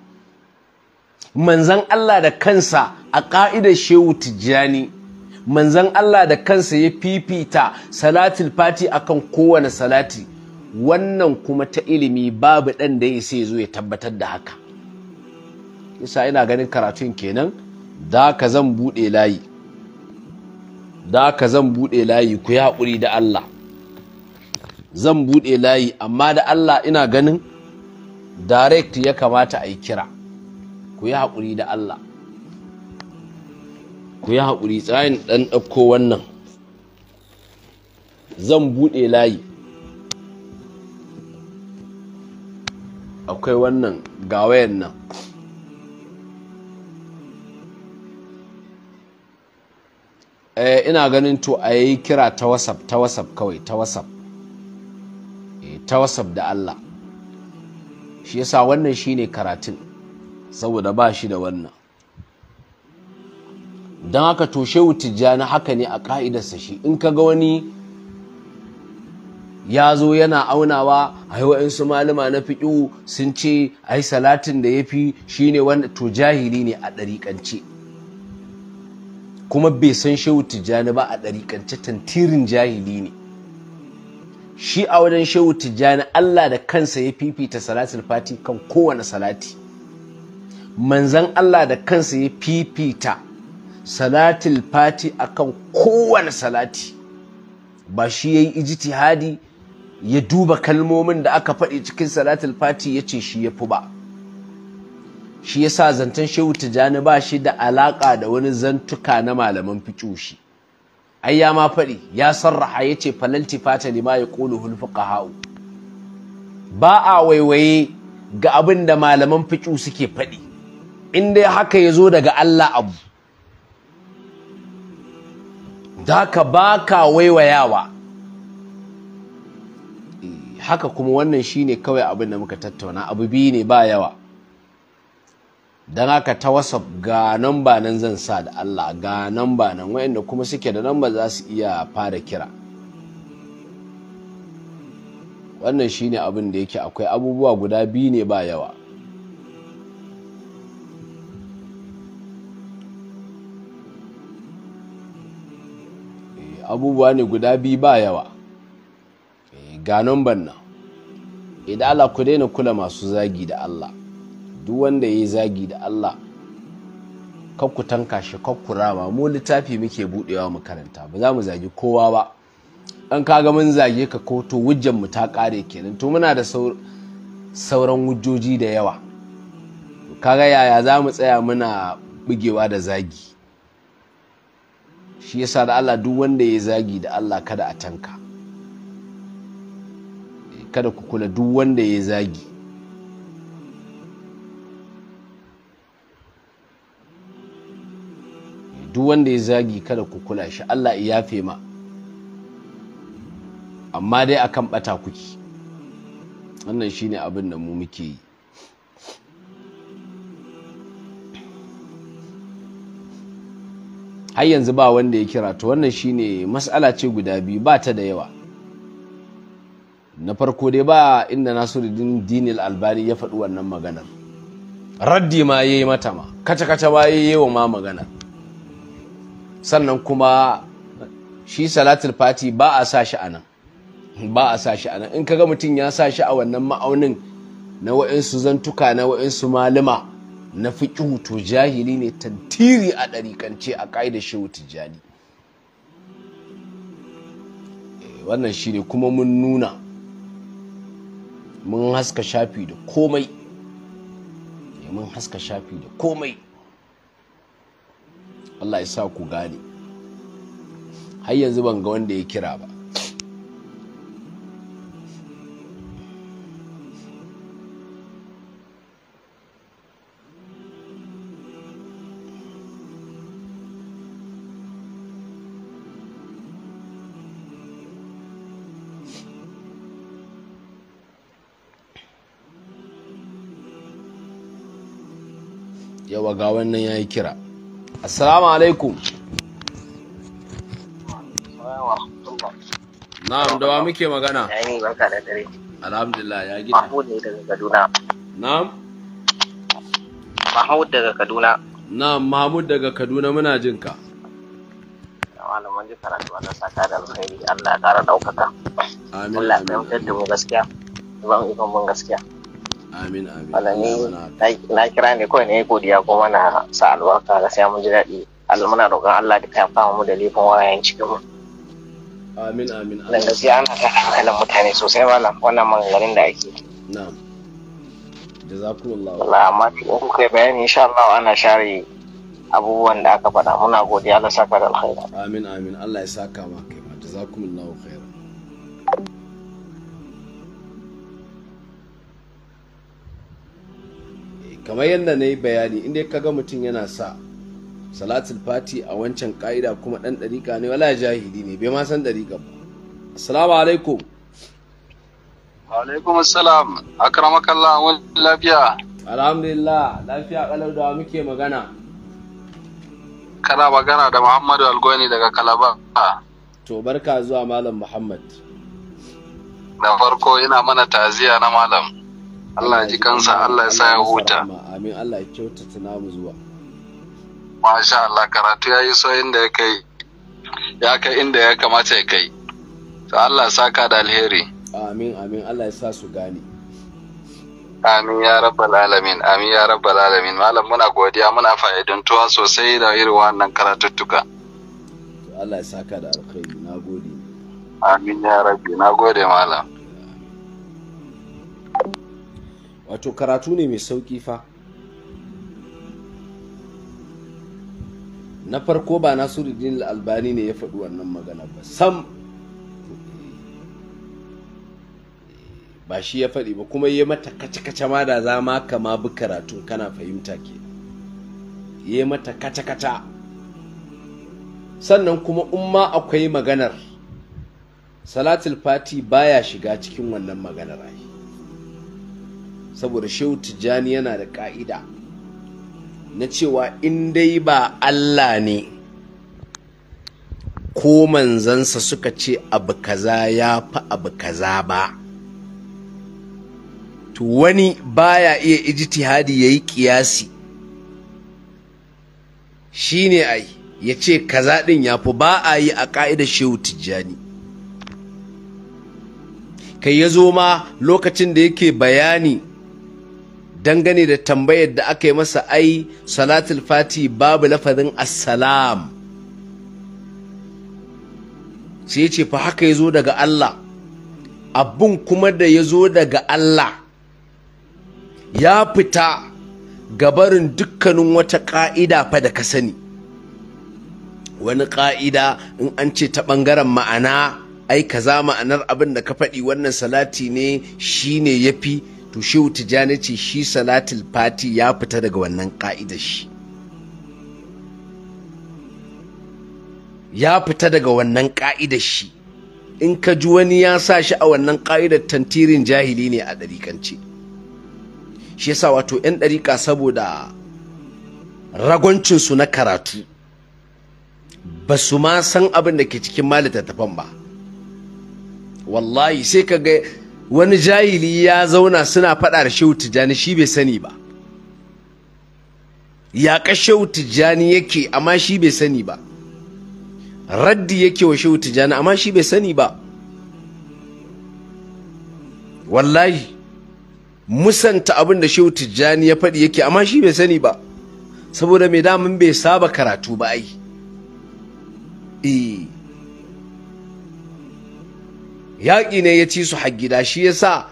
manzan Allah da kansa a ƙa'idar shehu tijjani manzan Allah da kansa ya fifita salatul fati akan kowane salati wannan kuma ta ilimi babu ɗan da ya sai zo ya tabbatar da haka yasa ina ganin karatun kenan da ka zan buɗe layi da haka zan buɗe layi ku yi haƙuri da Allah zan buɗe layi amma da Allah ina ganin direct ya kamata a yi kira ku yi haƙuri da Allah ku yi haƙuri tsayin ɗan ɗauko wannan zan buɗe layi akwai wannan ga wayan nan eh, ina ganin to a yi kira ta wasap ta wasap kawai ta wasap e eh, ta wasap da Allah shi yasa wannan shine karatun saboda ba shi da wannan don haka to shehu tijjani haka ne a ka'idarsa shi in ka ga wani ya zo yana aunawa ai wa'insu malama na fiƙihu sun ce yi salatin da ya fi shi ne wanda to jahili ne a ɗariƙance kuma bai san shehu tijjani ba a ɗariƙance tantirin jahili ne shi a wajen shehu tijjani Allah da kansa ya fifita salatul fati kan kowane salati manzan Allah da kansa ya fifita salatul fati a kan kowane salati ba shi ya yi ijtihadi ya duba kalmomin da aka faɗi cikin salatul fati ya ce shi ya fi ba shi ya sa zancen shehu tijjani ba shi da alaƙa da wani zantuka na malaman fiqh shi ai ya ma faɗi ya sarraha ce falalti fata ya ƙulu hulfi ƙaha'u ba a waiwaye ga abin da malaman fiƙu suke faɗi in dai haka zo daga Allah abu daka baka waiwayawa eh, haka kuma wannan shine kawai abin da muka tattauna abu biyu ne ba yawa don haka ta wasa ga nan ba nan zan sa da Allah ga nan ba nan wa'anda kuma suke da nan ba za su iya fara kira wannan shine abin da yake akwai abubuwa guda biyu ne ba yawa eh, abubuwa ne guda biyu ba yawa eh, ga nan ban eh, nan idan Allah ku daina kula masu zagi da Allah duk wanda ya yi zagi da Allah ku tanka shi mu littafi muke budewa mu karanta ba za mu zagi kowa ba an kaga mun zage ka ko to wujjan mu ta kare kenan to muna da sauran wujjoji da yawa kaga yaya za mu tsaya muna bugewa da zagi shi yasa da Allah duk wanda ya zagi da Allah kada a tanka eh, kada ku kula duk wanda ya zagi duk wanda ya zagi kada ku kula shi Allah ya yafe ma amma dai akan bata kuki wannan shine abin da mu muke yi har yanzu ba wanda ya kira to wannan shine mas'ala ce guda biyu ba ta da yawa na farko dai ba inda nasiruddin dinil albani ya faɗi wannan maganar raddi ma ya yi mata ma kaca-kaca ma ya yi wa ma maganar sannan kuma shi salatul fati ba a sa shi anan ba a sa shi anan in kaga mutum ya sa shi a wannan ma'aunin na wa'insu zantuka na wa'insu malama na fiƙihu to jahili ne tantiri a ɗarikance a ƙa'idar hutu tijjani eh, wannan shi ne kuma mun nuna mun haska shafi da komai eh, mun haska shafi da komai Allah ya sa ku gane har yanzu ban ga wanda ya kira ba yawa ga wannan ya yi kira assalamu alaikum na'am da wa muke magana Ya yi baka da dare alhamdulillah ya gida mahmud ne daga kaduna na'am mahmud daga kaduna na'am mahmud daga kaduna muna jin ka Na malaman ji karatu wannan saka da alkhairi Allah ya kara daukaka amin Allah ya mutar da mu gaskiya ban ikon mun gaskiya amin amin wala ni na kira ne kawai ne godiya kuma na sa albarka sai mun ji daɗi Allah muna roƙon Allah da ka fama mu da laifin wayan cikin mu amin amin dan gaskiya ana kan hankalin mutane sosai malam wannan maganganun da ake na'am jazakumullah wallahi amma in kuka bayani insha Allah ana share abubuwan da aka faɗa muna godiya Allah saka da alkhairi amin amin Allah ya saka maka jazakumullahu khair kamar yadda na yi bayani inda ka ga mutum yana sa salatul fati a wancan ka'ida kuma ɗan dariƙa ne wala jahili ne bai ma san dariƙa ba assalamu alaikum alaikum assalam akramakallah wa lafiya alhamdulillah lafiya kalau da muke magana kana magana da muhammadu algoni daga kalaba to barka zuwa malam muhammad da farko ina mana taziya na malam Allah ji kansa Allah ya sa ya huta amin Allah ya tana mu zuwa masha Allah karatu ya yi so inda ya kai ya kai inda ya kamata ya kai to Allah ya saka da alheri amin amin Allah ya sa su gane Amin ya rabbal alamin amin ya rabbal alamin malam muna godiya muna tuwa sosai da irin wannan karatuttuka Allah ya saka da alkhairi na gode amin ya rabbi na gode malam wato karatu ne mai sauƙi fa na farko ba nasiruddin albani ne ya faɗi wannan magana ba sam ba shi ya faɗi ba kuma ya mata kace ma da za ma kama bi karatu kana fahimta ke ya mata kace sannan kuma umma akwai maganar salatul fati baya shiga cikin wannan maganar ai saboda shehu tijjani yana da ka'ida na cewa in dai ba Allah ne ko manzansa suka ce abu kaza ya fi abu kaza ba to wani baya iya ijtihadi yayi kiyasi shine ai ya ce kaza din ya fi ba a yi a ka'idar shehu tijjani kai ya zo ma lokacin da yake bayani dangane da tambayar da aka yi masa ai salatul fati babu lafazin assalam sai ce fa haka ya zo daga Allah Abun kuma da ya zo daga Allah ya fita gabarin dukkanin wata ƙa'ida fa da ka sani wani ƙa'ida in an ce ta ɓangaren ma'ana ai kaza ma'anar abin da ka faɗi wannan salati ne shine yafi to shehu tijjani ce shi salatul fati ya fita daga wannan ka'idar shi ya fita daga wannan ƙa'idar shi in ka ji wani ya sa shi a wannan ka'idar tantirin jahili ne a ɗarikance shi yasa wato 'yan ɗarika saboda ragoncinsu na karatu ba su ma san abin da ke cikin tafan ba wallahi sai ka ga wani jahili ya zauna suna faɗa da shehu tijjani shi bai sani ba ka shehu tijjani yake amma shi bai sani ba raddi yake wa shehu tijjani amma shi bai sani ba wallahi musanta abin da shehu tijjani ya faɗi yake amma shi bai sani ba saboda mai damun bai saba karatu ba ai eh yaƙi ne ya ci su har gida shi sa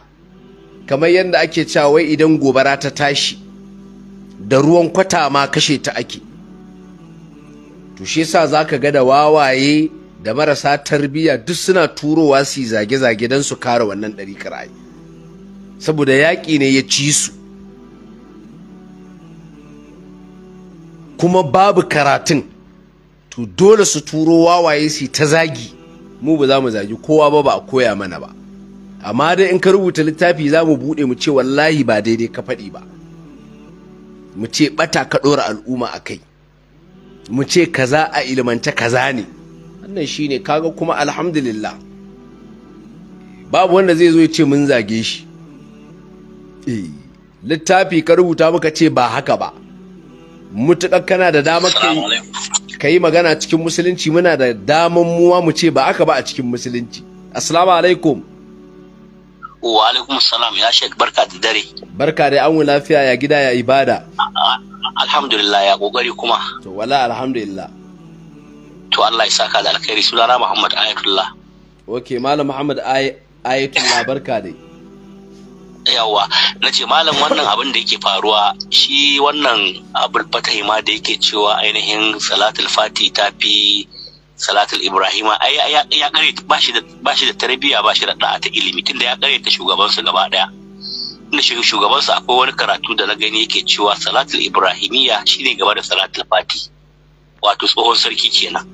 kamar yadda ake cewa wai idan gobara ta tashi da ruwan kwata ma kashe ta ake to shi za zaka ga da wawaye da marasa tarbiyya duk suna turowa su zage-zage don su kare wannan ɗari karaye saboda yaƙi ne ya ci su kuma babu karatun to dole su turo wawaye su ta zagi mu ba za mu zagi kowa ba ba a koya mana ba amma dai in ka rubuta littafi za mu buɗe mu ce wallahi ba daidai ka faɗi ba mu ce ɓata ka ɗora al'umma a kai mu ce kaza a ilimance kaza ne wannan shine kaga kuma alhamdulillah babu wanda zai zo ya ce mun zage shi eh, littafi ka rubuta muka ce ba haka ba mutuƙar kana da damar ka ka yi magana cikin musulunci muna da daman muwa mu ce ba aka ba a cikin musulunci assalamu alaikum wa alaikum salam ya shek barka da dare barka da an lafiya ya gida ya ibada alhamdulillah ya kokari kuma to wala alhamdulillah to Allah ya saka da alkhairi sunana Muhammad Ayatullah okay malam Muhammad Ayatullah barka dai yawa na ce malam wannan abin da yake faruwa shi wannan abul fatahi da yake cewa ainihin salatul fati ta fi salatul ibrahima ai ya kare ba shi da tarbiyya ba shi da da'a ta ilimi tunda ya kare ta shugaban su gaba daya tunda shugaban su akwai wani karatu da na gani yake cewa salatul ibrahimiya shine gaba da salatul fati wato tsohon sarki kenan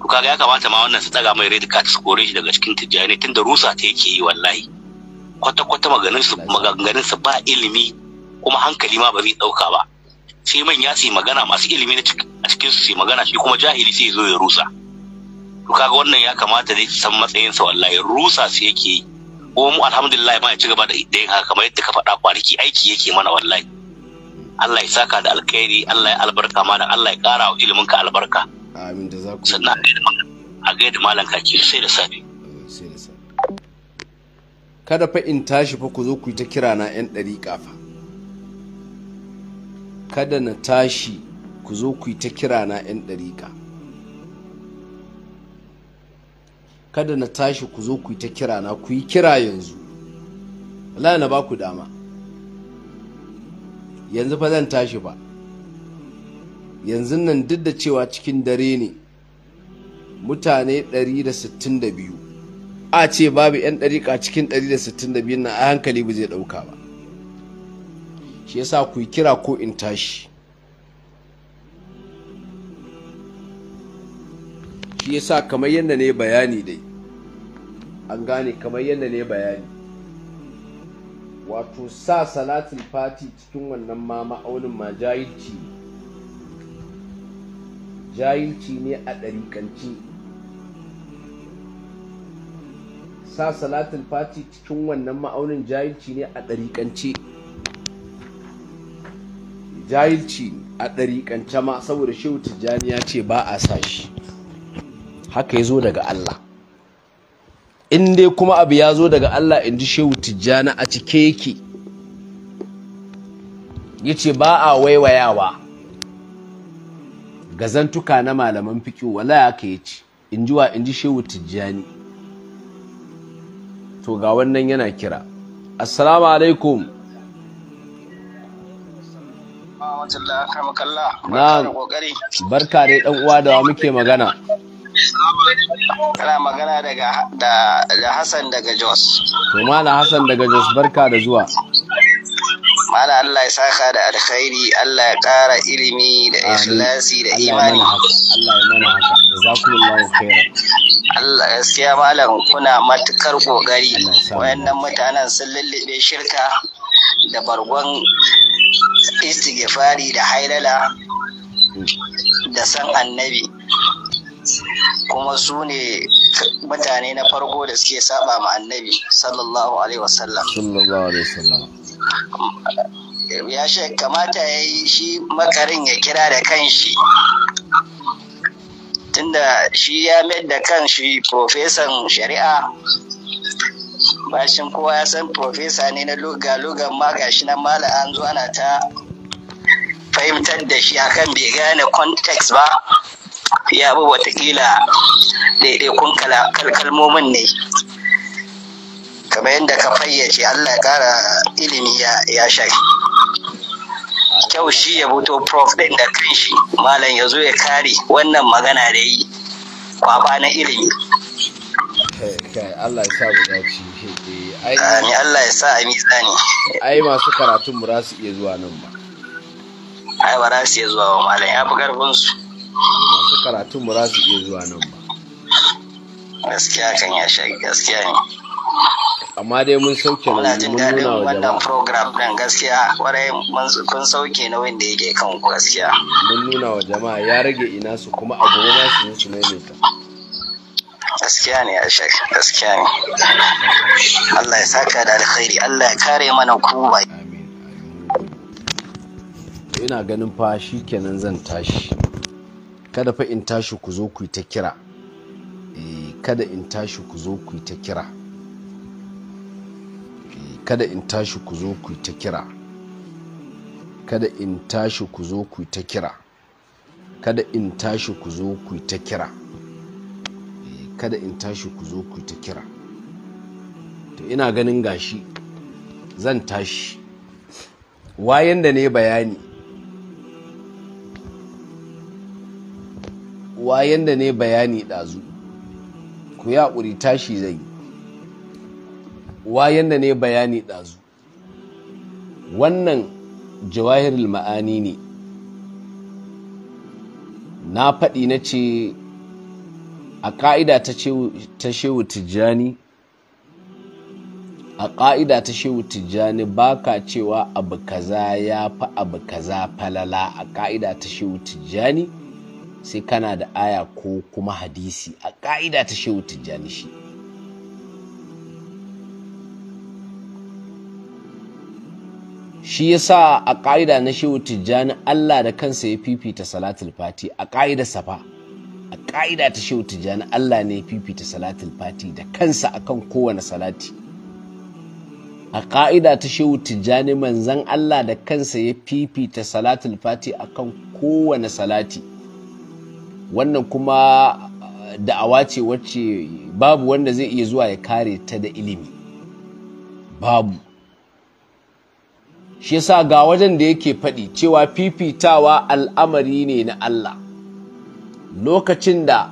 to kaga ya kamata ma wannan su tsaga mai red card su kore shi daga cikin tijjani tunda rusa ta yake yi wallahi kwata-kwata maganganun su ba ilimi kuma hankali ma ba zai ɗauka ba sai manya su magana masu ilimi a cikin su su magana shi kuma jahili sai zo ya rusa to kaga wannan ya kamata dai san matsayin sa wallahi rusa su yake yi ko mu alhamdulillah ma ya ci gaba da yin haka kamar yadda ka faɗa kwanaki aiki yake mana wallahi Allah ya saka da alkhairi Allah ya albarka mana Allah ya ƙara wa ilimin ka albarka amin da za sannan a gaida malam kaki sai da safe kada fa in tashi fa ku zo ku yi ta kira na 'yan ɗariƙa fa kada na tashi ku zo ku yi ta kira na 'yan ka kada na tashi ku zo ku yi ta kira na ku yi kira yanzu Allah na ba ku dama yanzu fa zan tashi ba yanzu nan duk da cewa cikin dare ne mutane 162 a ce babu 'yan ɗariƙa cikin 162 na a hankali ba zai ɗauka ba shi yasa ku yi kira ko in tashi shi yasa kamar yadda ne bayani dai an gane kamar yadda ne bayani wato sa salatin fati cikin wannan ma ma'aunin ma jahilci jahilci ne a ɗariƙanci sa salatul fati cikin wannan ma'aunin jahilci ne a ɗariƙance jahilci a ɗariƙance ma saboda shehu tijjani ya ce ba a sa shi haka ya zo daga Allah in dai kuma abu ya zo daga Allah in ji shehu tijjani a cike yake ya ce ba a waiwayawa gazantuka na malaman fiƙi wala ya ka ya ce in ji wa in ji shehu tijjani to ga wannan yana kira assalamu alaikum Na barka dai dan uwa da muke magana Kana magana daga da, da Hassan daga Jos. To Malam Hassan daga Jos barka da zuwa. Mala Allah ya saka da alkhairi, Allah ya ƙara ilimi da ikhlasi da imani. Allah ya mana haka. Jazakumullahu khairan. Allah gaskiya malam kuna matukar kokari wayannan mutanen sun lullube shirka da bargon istighfari da hailala mm. da san annabi kuma su ne mutane na farko da suke saba ma annabi sallallahu alaihi wasallam sallallahu alaihi wasallam ya shi kamata ya yi shi makarin ya kira da kanshi tunda shi ya mayar da kanshi profesan shari'a bashin kowa ya san profesa ne na luga-lugan ma gashi na mala an zo ana ta fahimtar da shi akan bai gane context ba ya bi watakila kun kalmomin ne kamar yadda ka fayyace allah ƙara ilimi ya sha kyau shi ya buto prof ɗin da kanshi malam ya zo ya kare wannan magana da yi kwaba na ilimi Allah ya sa mu dace ai Allah ya sa a mizani ai masu karatun mu za su iya zuwa nan ba ai ba za su iya zuwa ba malam ya fi karfin su masu karatun ba za su iya zuwa nan ba gaskiya kan ya sha gaskiya ne amma dai mun sauke na mun nuna wa wannan program ɗin gaskiya kwarai mun kun sauke na wanda yake kan ku gaskiya mun nuna wa jama'a ya rage ina su kuma abu ma su yi su ta. gaskiya ne ya shek gaskiya ne Allah ya saka da alkhairi Allah ya kare mana ku ba ina ganin fa shikenan zan tashi kada fa in tashi ku zo ku yi ta kira kada in tashi ku zo ku yi ta kira kada in tashi ku zo ku yi ta kira kada in tashi ku zo ku yi ta kira kada in tashi ku zo ku yi ta kira kada in tashi ku zo ku yi ta kira to ina ganin gashi zan tashi wayan da ne bayani uwa ne bayani ɗazu ku ya ƙuri tashi zai uwa yadda ne bayani ɗazu wannan jawahirul ma'ani ne na faɗi na ce a ƙa'ida ta shewu tijjani a ƙa'ida ta shehu tijjani ba ka cewa abu kaza ya fi abu kaza falala a ƙa'ida ta shehu tijjani sai kana da aya ko kuma hadisi a ƙa'ida ta shehu tijjani shi shi sa a ƙa'ida na shehu tijjani Allah da kansa ya fifita salatul fati a ƙa'ida safa a ƙa'ida ta shehu tijjani Allah ne ya fifita salatul fati da kansa akan kowane salati a ƙa'ida ta shehu tijjani manzan Allah da kansa ya fifita salatul fati akan kowane salati wannan kuma eh, da'awa ce wacce babu wanda zai iya zuwa ya kare ta da ilimi babu shi yasa ga wajen da yake faɗi cewa fifitawa al'amari ne na Allah lokacin da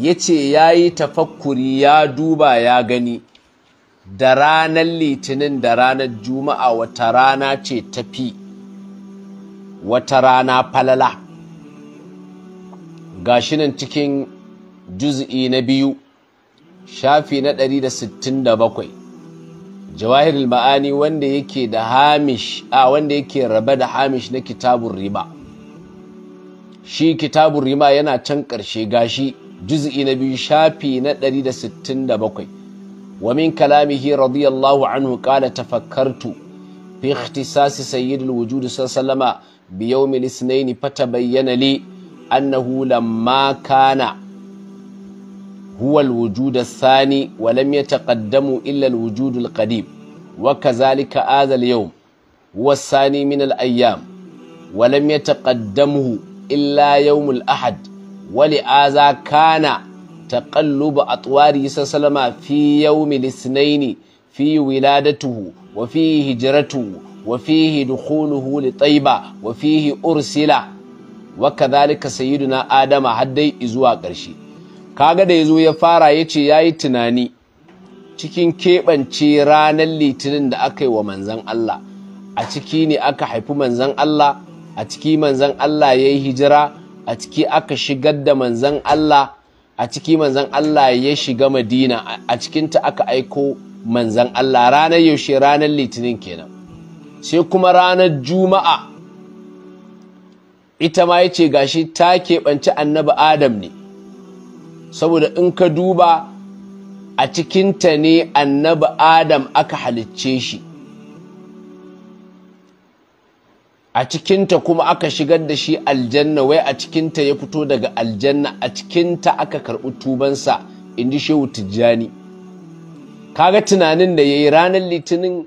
ya ce ya yi tafakkuri ya duba ya gani da ranar litinin da ranar juma'a wata rana ce tafi wata rana falala gashi nan cikin juz'i na biyu shafi na 167 jawahirul ma'ani wanda yake da hamish a wanda yake raba da hamish na kitabun riba shi kitabun riba yana can ƙarshe gashi juz'i na biyu shafi na 167 wa min kalamihi radiyallahu anhu qala tafakkartu fi ikhtisasi sayyidil wujud sallallahu alaihi wasallam bi yawmil ithnain fatabayyana li أنه لما كان هو الوجود الثاني ولم يتقدم إلا الوجود القديم وكذلك هذا اليوم هو الثاني من الأيام ولم يتقدمه إلا يوم الأحد ولهذا كان تقلب أطوار سلمة في يوم الاثنين في ولادته وفي هجرته وفيه دخوله لطيبة وفيه أرسله wa kadhalika sayyiduna adama har dai izuwa ƙarshe kaga da yazo ya fara yace yayi tunani cikin keɓance ranar litinin da aka yi wa manzan Allah a ciki ne aka haifi manzan Allah a ciki manzan Allah ya yi hijira a ciki aka shigar da manzan Allah a ciki manzan Allah ya shiga madina a cikin ta aka aiko manzan Allah ranar yaushe ranar litinin kenan sai kuma ranar juma'a ita ma ya ce gashi ta keɓanci annabi adam ne saboda in ka duba a cikinta ne annabi adam aka halicce shi a cikinta kuma aka shigar da shi aljanna wai a cikinta ya fito daga aljanna a cikinta aka karɓi tubansa in ji shehu tijjani kaga tunanin da ya yi ranar litinin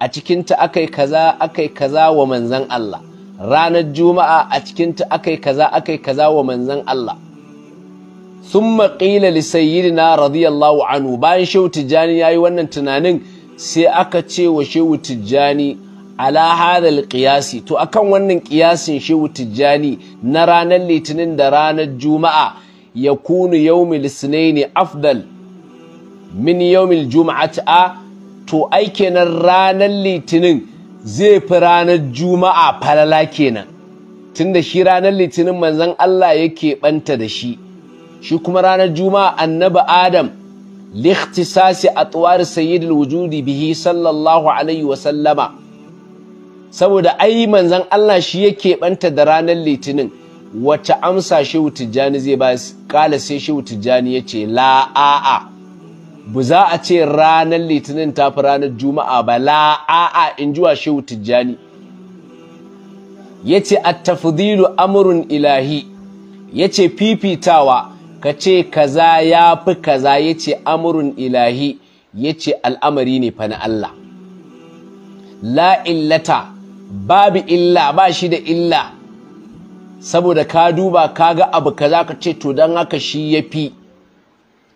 a cikinta aka yi kaza aka kaza wa Manzon Allah ranar juma'a a cikinta akai kaza akai kaza wa manzan Allah Sun maƙila li na radiyallahu anhu bayan shehu tijjani ya yi wannan tunanin sai aka ce wa shehu tijjani ala hadal qiyasi to akan wannan qiyasin shehu tijjani na ranar litinin da ranar juma'a ya yawmil ne afdal min Juma'a ta, to ai ranar litinin zai fi ranar juma'a falala kenan tunda shi ranar litinin manzon Allah yake ɓanta da shi shi kuma ranar juma'a annabi adam a atwar sayidul wujudi bihi sallallahu alaihi wa sallama saboda ai manzon Allah shi yake ɓanta da ranar litinin wata amsa shehu tijjani zai ba kala sai shehu tijjani yace la a'a bu za a ce ranar litinin ta fi ranar juma'a ba la a'a in ji shehu tijjani ya ce a attafdilu amurin ilahi ya ce fifitawa ka ce kaza ya fi kaza ya ce amurin ilahi ya ce al'amari ne fa na Allah la babu illa ba shi da illa saboda ka duba ka ga abu kaza ka ce to don haka shi ya fi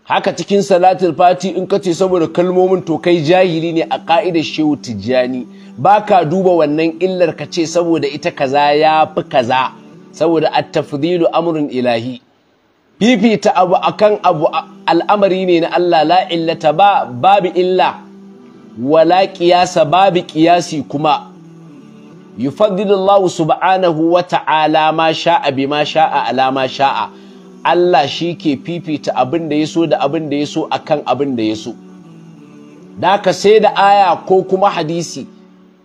haka cikin salatul fati in ka ce saboda kalmomin to kai jahili ne a ka'idar shehu tijjani ba ka duba wannan illar ka ce saboda ita kaza ya fi kaza saboda at-tafdilu amrun ilahi fifita abu akan abu al'amari ne na Allah la illata ba babu illa wala qiyasa babu qiyasi kuma yufaddilu Allah subhanahu wa ta'ala ma sha'a bima sha'a ala ma sha'a Allah shi ke fifita abin da ya so da abin da ya so a kan abin da ya so da ka sai da aya ko kuma hadisi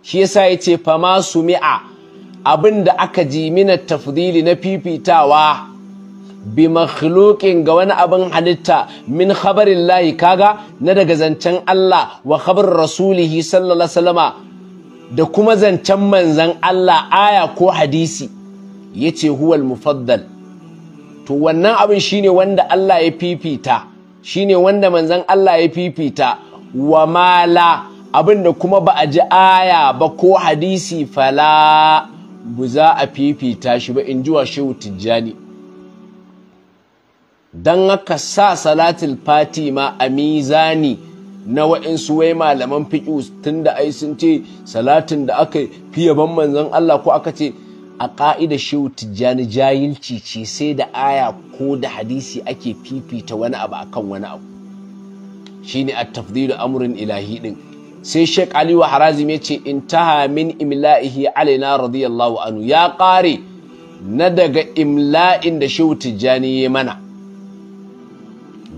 shi yasa ya ce fama mi'a, abin da aka ji mina tafdili na fifitawa bi makhluqin ga wani abin halitta min khabarin layi kaga na daga zancen Allah wa khabar rasulihi sallallahu salama da kuma zancen manzan Allah aya ko hadisi yace huwal mufaddal to wannan abin shine wanda Allah ya fifita shine wanda manzon Allah ya fifita wa mala abin da kuma ba a ji aya ba ko hadisi fala bu za a fifita shi ba in ji wa shehu tijjani don haka sa salatul ma a mizani na wa'insu wai malaman fiƙi tun da ai sun ce salatin da aka fiye ban manzon Allah ko aka ce a ƙa'ida shehu tijjani jahilci ce sai da aya ko da hadisi ake fifita wani abu akan wani abu shine at tafdilu amrin ilahi ɗin. sai Sheikh Ali wa Harazim yace intaha min imla'ihi alaina radiyallahu anhu ya ƙare na daga imla'in da shehu tijjani ya mana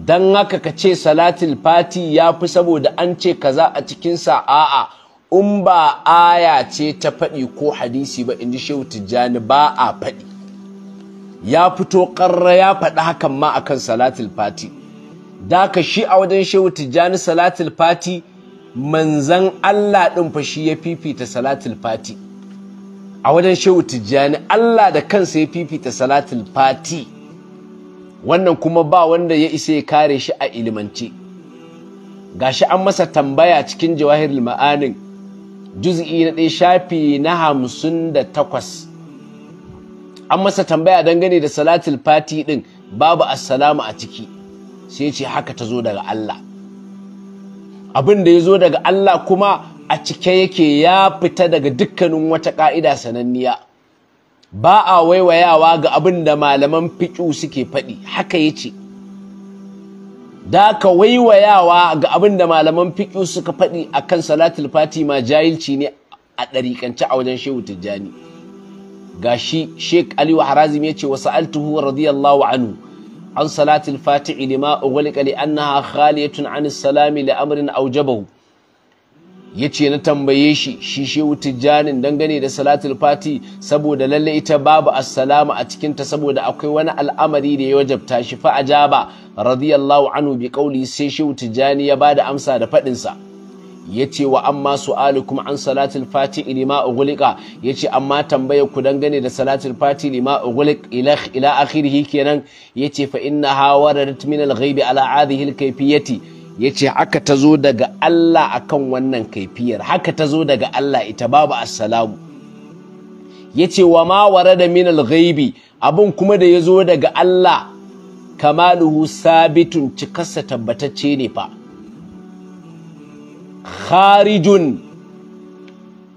dan haka ka ce salatul fati ya fi saboda an ce kaza a cikinsa a'a in ba aya ce ta faɗi ko hadisi ba inji shehu tijjani ba a faɗi ya fito ƙarra ya faɗi hakan ma akan salatul fati daka shi a wajen shehu tijjani salatul fati manzan Allah ɗin fa shi ya fifita salatul fati a wajen shehu tijjani Allah da kansa ya fifita salatul fati wannan kuma ba wanda ya isa ya kare shi a ilimance gashi an masa tambaya cikin jawahirul ma'anin juz'i na ɗaya shafi na hamsin da takwas an masa tambaya dangane da salatul fati ɗin babu assalamu a ciki sai ce haka ta zo daga Allah abin da ya zo daga Allah kuma a cike yake ya fita daga dukkanin wata ƙa'ida sananniya ba a waiwayawa ga abin da malaman fiƙu suke faɗi haka ya ce da ka waiwayawa ga abin da malaman fiƙi suka faɗi a kan salatul ma jahilci ne a ɗariƙance a wajen shehu tijjani ga shi sheik aliyu harazim ya ce wa sa'altuhu radiyallahu anhu an salatul Fati lima ughliqa li annaha khaliyatun an salami li amrin aujabahu ya ce na tambaye shi shi shehu tijjanin dangane da salatul fati saboda lalle ita babu assalamu a cikinta saboda akwai wani al'amari da ya wajabta shi fa ajaba radiyallahu anhu bi qawli sai shehu tijjani ya bada amsa da fadin sa yace wa amma su'alukum an salatul fati ilima ughliqa yace amma tambayar ku dangane da salatul fati ilima ughliq ila ila akhirih kenan yace fa innaha waradat min al-ghaibi ala hadhihi al-kayfiyati ya ce haka ta zo daga Allah akan wannan kaifiyar haka ta zo daga Allah ita babu assalamu ya ce wa ma ware da minal ghaibi abin kuma da ya zo daga Allah kamaluhu sabitun cikarsa tabbatacce ne fa kharijun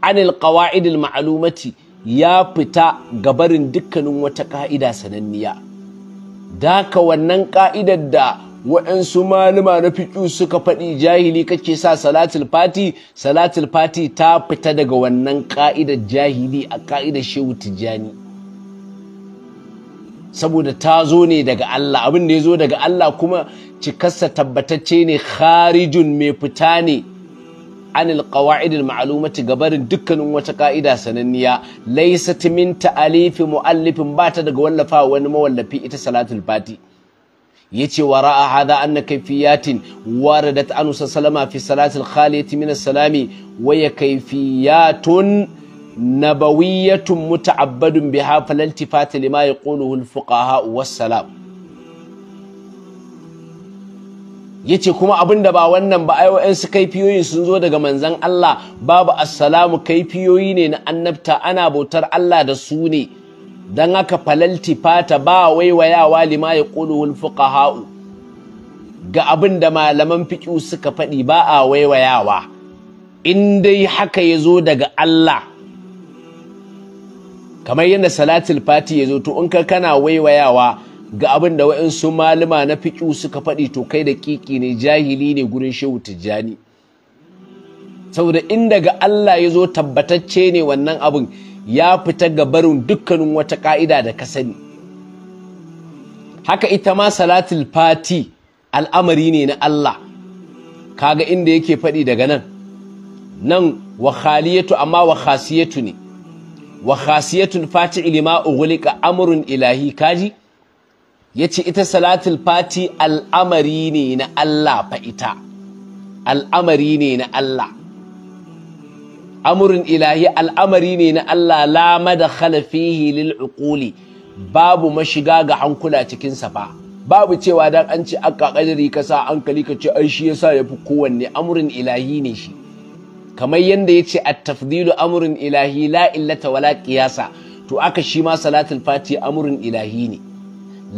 anil qawa'idil ma'alumati ya fita gabarin dukkanin wata ka'ida sananniya daka wannan ka'idar da wa'ansu maluma na fiƙu suka faɗi jahili kake sa salatul fati salatul fati ta fita daga wannan ka'idar jahili a ka'idar shehu tijjani saboda ta zo ne daga Allah abin da ya zo daga Allah kuma cikarsa tabbatacce ne kharijun mai fita ne anil qawa'id ma'alumati gabarin dukkanin wata ka'ida sananniya laysat min ta'alifi mu'allifin bata daga wallafa wani mawallafi ita salatul fati yace wa ra'a hadha anna da ta anusa salama fi salati al-khaliyati min salami waya ya kayfiyatun nabawiyyatun muta'abbadun biha ma lima yaquluhu al-fuqaha yace kuma abin da ba wannan ba ai wa'ansu kaifiyoyi sun zo daga manzon Allah babu assalamu kaifiyoyi ne na annabta ana bautar Allah da su ne don haka falalti fata ba waiwayawa lima ya ƙuluhul fuqaha'u ga abin da malaman fiƙu suka faɗi ba a waiwayawa in dai haka ya zo daga Allah kamar yadda salatul fati ya zo to in ka kana waiwayawa ga abin da wa'insu malama na fiƙu suka faɗi to kai da kiki ne jahili ne gurin shehu tijjani saboda in daga Allah ya zo tabbatacce ne wannan abin ya fita gabarin dukkanin wata ƙa'ida da ka sani haka ita ma salatul fati al'amari ne na Allah kaga inda yake faɗi daga nan nan wa khaliyatu amma wa khasiyatu ne wa fati ilima ugulika amrun ilahi kaji Ya ce ita salatul fati al'amari ne na Allah fa'ita. al'amari ne na Allah amurin ilahi al'amari ne na Allah la da khalafihi lil uquli babu mashiga ga hankula cikin sa ba babu cewa dan an ce aka kadari ka sa hankali ka ce ai shi yasa fi kowanne amurin ilahi ne shi kamar yanda yace at-tafdilu amurin ilahi la illata wala qiyasa to aka shi ma salatul fati amurin ilahi ne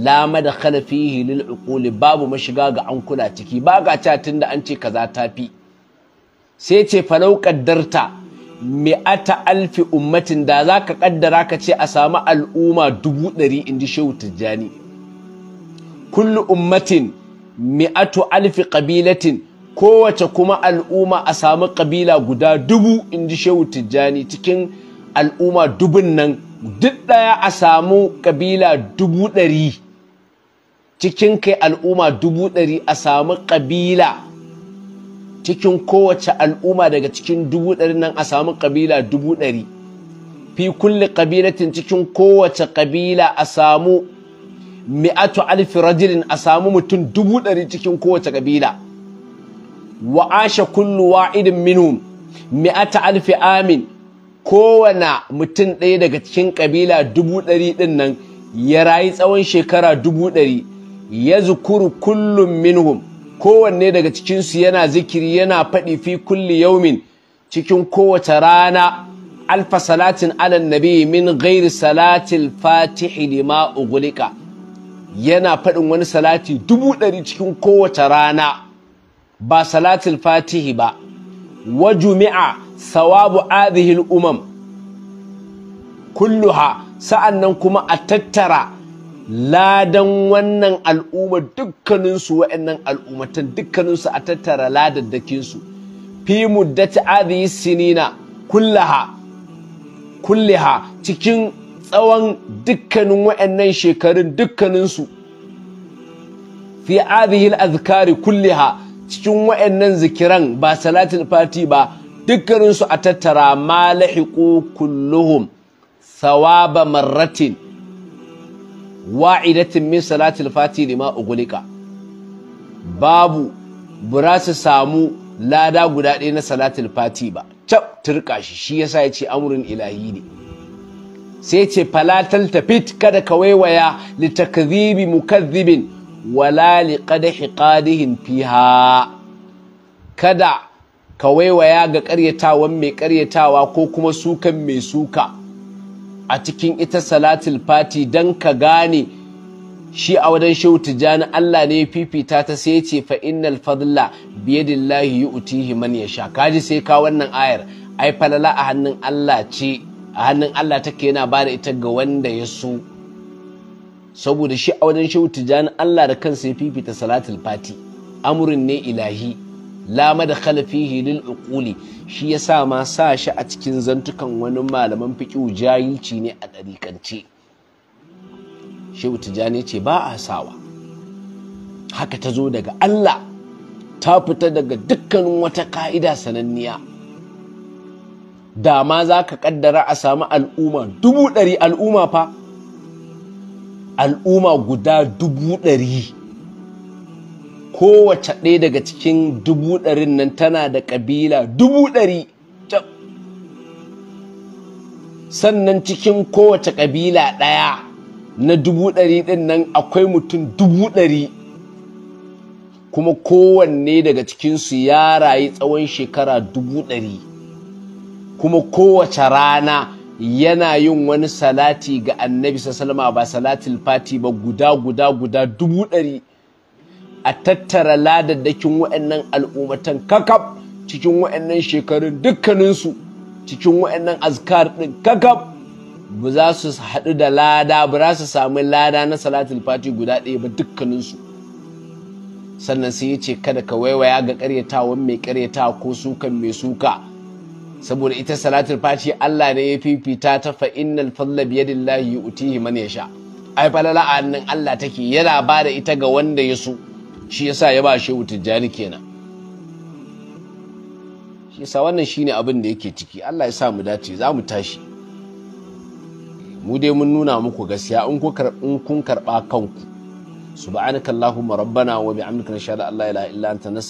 la da fihi lil uquli babu mashiga ga hankula ciki ba ga ta tunda an ce kaza tafi sai ce falau qaddarta mi'ata alfi ummatin da za ka kaddara ka ce a samu al'umma dubu ɗari in ji shehu tijjani kullu ummatin mi'atu alfi ƙabilatin kowace kuma al'umma a samu ƙabila guda dubu in ji shehu tijjani cikin al'umma dubun nan duk ɗaya a samu ƙabila dubu ɗari cikin kai al'umma dubu ɗari a samu ƙabila cikin kowace al'umma daga cikin dubu ɗari nan a samu ƙabila dubu ɗari fi kulle ƙabilatin cikin kowace ƙabila a samu mi'atu alfi rajilin a samu mutum dubu ɗari cikin kowace ƙabila wa ashe kullu wa'idin minhum mi'ata alfi amin kowane mutum ɗaya daga cikin ƙabila dubu ɗari ɗin nan ya rayu tsawon shekara dubu ɗari ya zukuru kullum minhum kowanne daga cikinsu yana zikiri yana faɗi fi kulli yaumin cikin kowace rana alfa salatin ala nabi min gairi salatil fatihi lima ugulika yana faɗin wani salati dubu ɗari cikin kowace rana ba salatin fatihi ba wa jumi'a sawabu adihil umam kulluha sa'annan kuma a tattara ladan wannan al'umma dukkaninsu wa'annan al'ummatan dukkaninsu a tattara ladaddakinsu fi muddati adhihi sinina kullaha kulliha cikin tsawon dukkanin wa'annan shekarun dukkaninsu fi adhihi azkari kulliha cikin wa'annan zikiran ba salatin fati ba dukkaninsu a tattara malahiqu kulluhum thawaba marratin wa'idatin min salatil fati lima ugulika babu bura su samu lada guda ɗaya na salatul fati ba cap turka shi shi yasa ya ce amurin ilahi ne sai ce falatal tafit kada ka waiwaya li takdhibi mukaththibin wala li qadhi qadihin fiha kada ka waiwaya ga ƙaryatawan mai ƙaryatawa ko kuma sukan mai suka a cikin ita salatul fati don ka gane shi a wajen shehu tijjani Allah ne ya fifita ta sai ce fa innal fadla biyadillahi yu'tihi man sha" kaji sai ka wannan ayar ai falala a hannun Allah ce a hannun Allah take yana ba da ita ga wanda ya so saboda shi a wajen shehu tijjani Allah da kansa ya fifita salatul fati amurin ne ilahi Lama da fihi lil uquli shi yasa ma sa shi a cikin zantukan wani malaman fiqhu jahilci ne a dariƙance shehu tijani ce ba a sawa haka ta zo daga Allah ta fita daga dukkanin wata ka'ida sananniya dama ma za ka kaddara a sami al'umma dubu ɗari al'umma fa al'umma guda dubu ɗari kowace ɗaya daga cikin dubu ɗarin nan tana da ƙabila dubu ɗari sannan cikin kowace ƙabila ɗaya na dubu ɗari ɗin nan akwai mutum dubu ɗari kuma kowanne daga cikinsu ya rayu tsawon shekara dubu ɗari kuma kowace rana yana yin wani salati ga annabi sassalma ba salatul fati ba guda guda guda dubu ɗari a tattara ladaddakin waɗannan al'ummatan kakab cikin waɗannan shekarun dukkaninsu cikin waɗannan azkar ɗin kakab ba za su haɗu da lada ba za su sami lada na salatul fati guda ɗaya ba dukkaninsu sannan sai ya ce kada ka waiwaya ga ƙaryatawan mai ƙaryata ko sukan mai suka saboda ita salatul fati Allah ne ya fifita ta fa innal fadla biyadillahi yu'tihi man yasha ai falala a Allah take yana ba da ita ga wanda ya so shi yasa ya ba shehu tijjani kenan shi yasa wannan shine abin da yake ciki Allah ya sa mu dace za mu tashi mu dai mun nuna muku gaskiya in kun karɓa kanku subhanakallahumma rabbana wa bihamdika nashhadu an la ilaha illa anta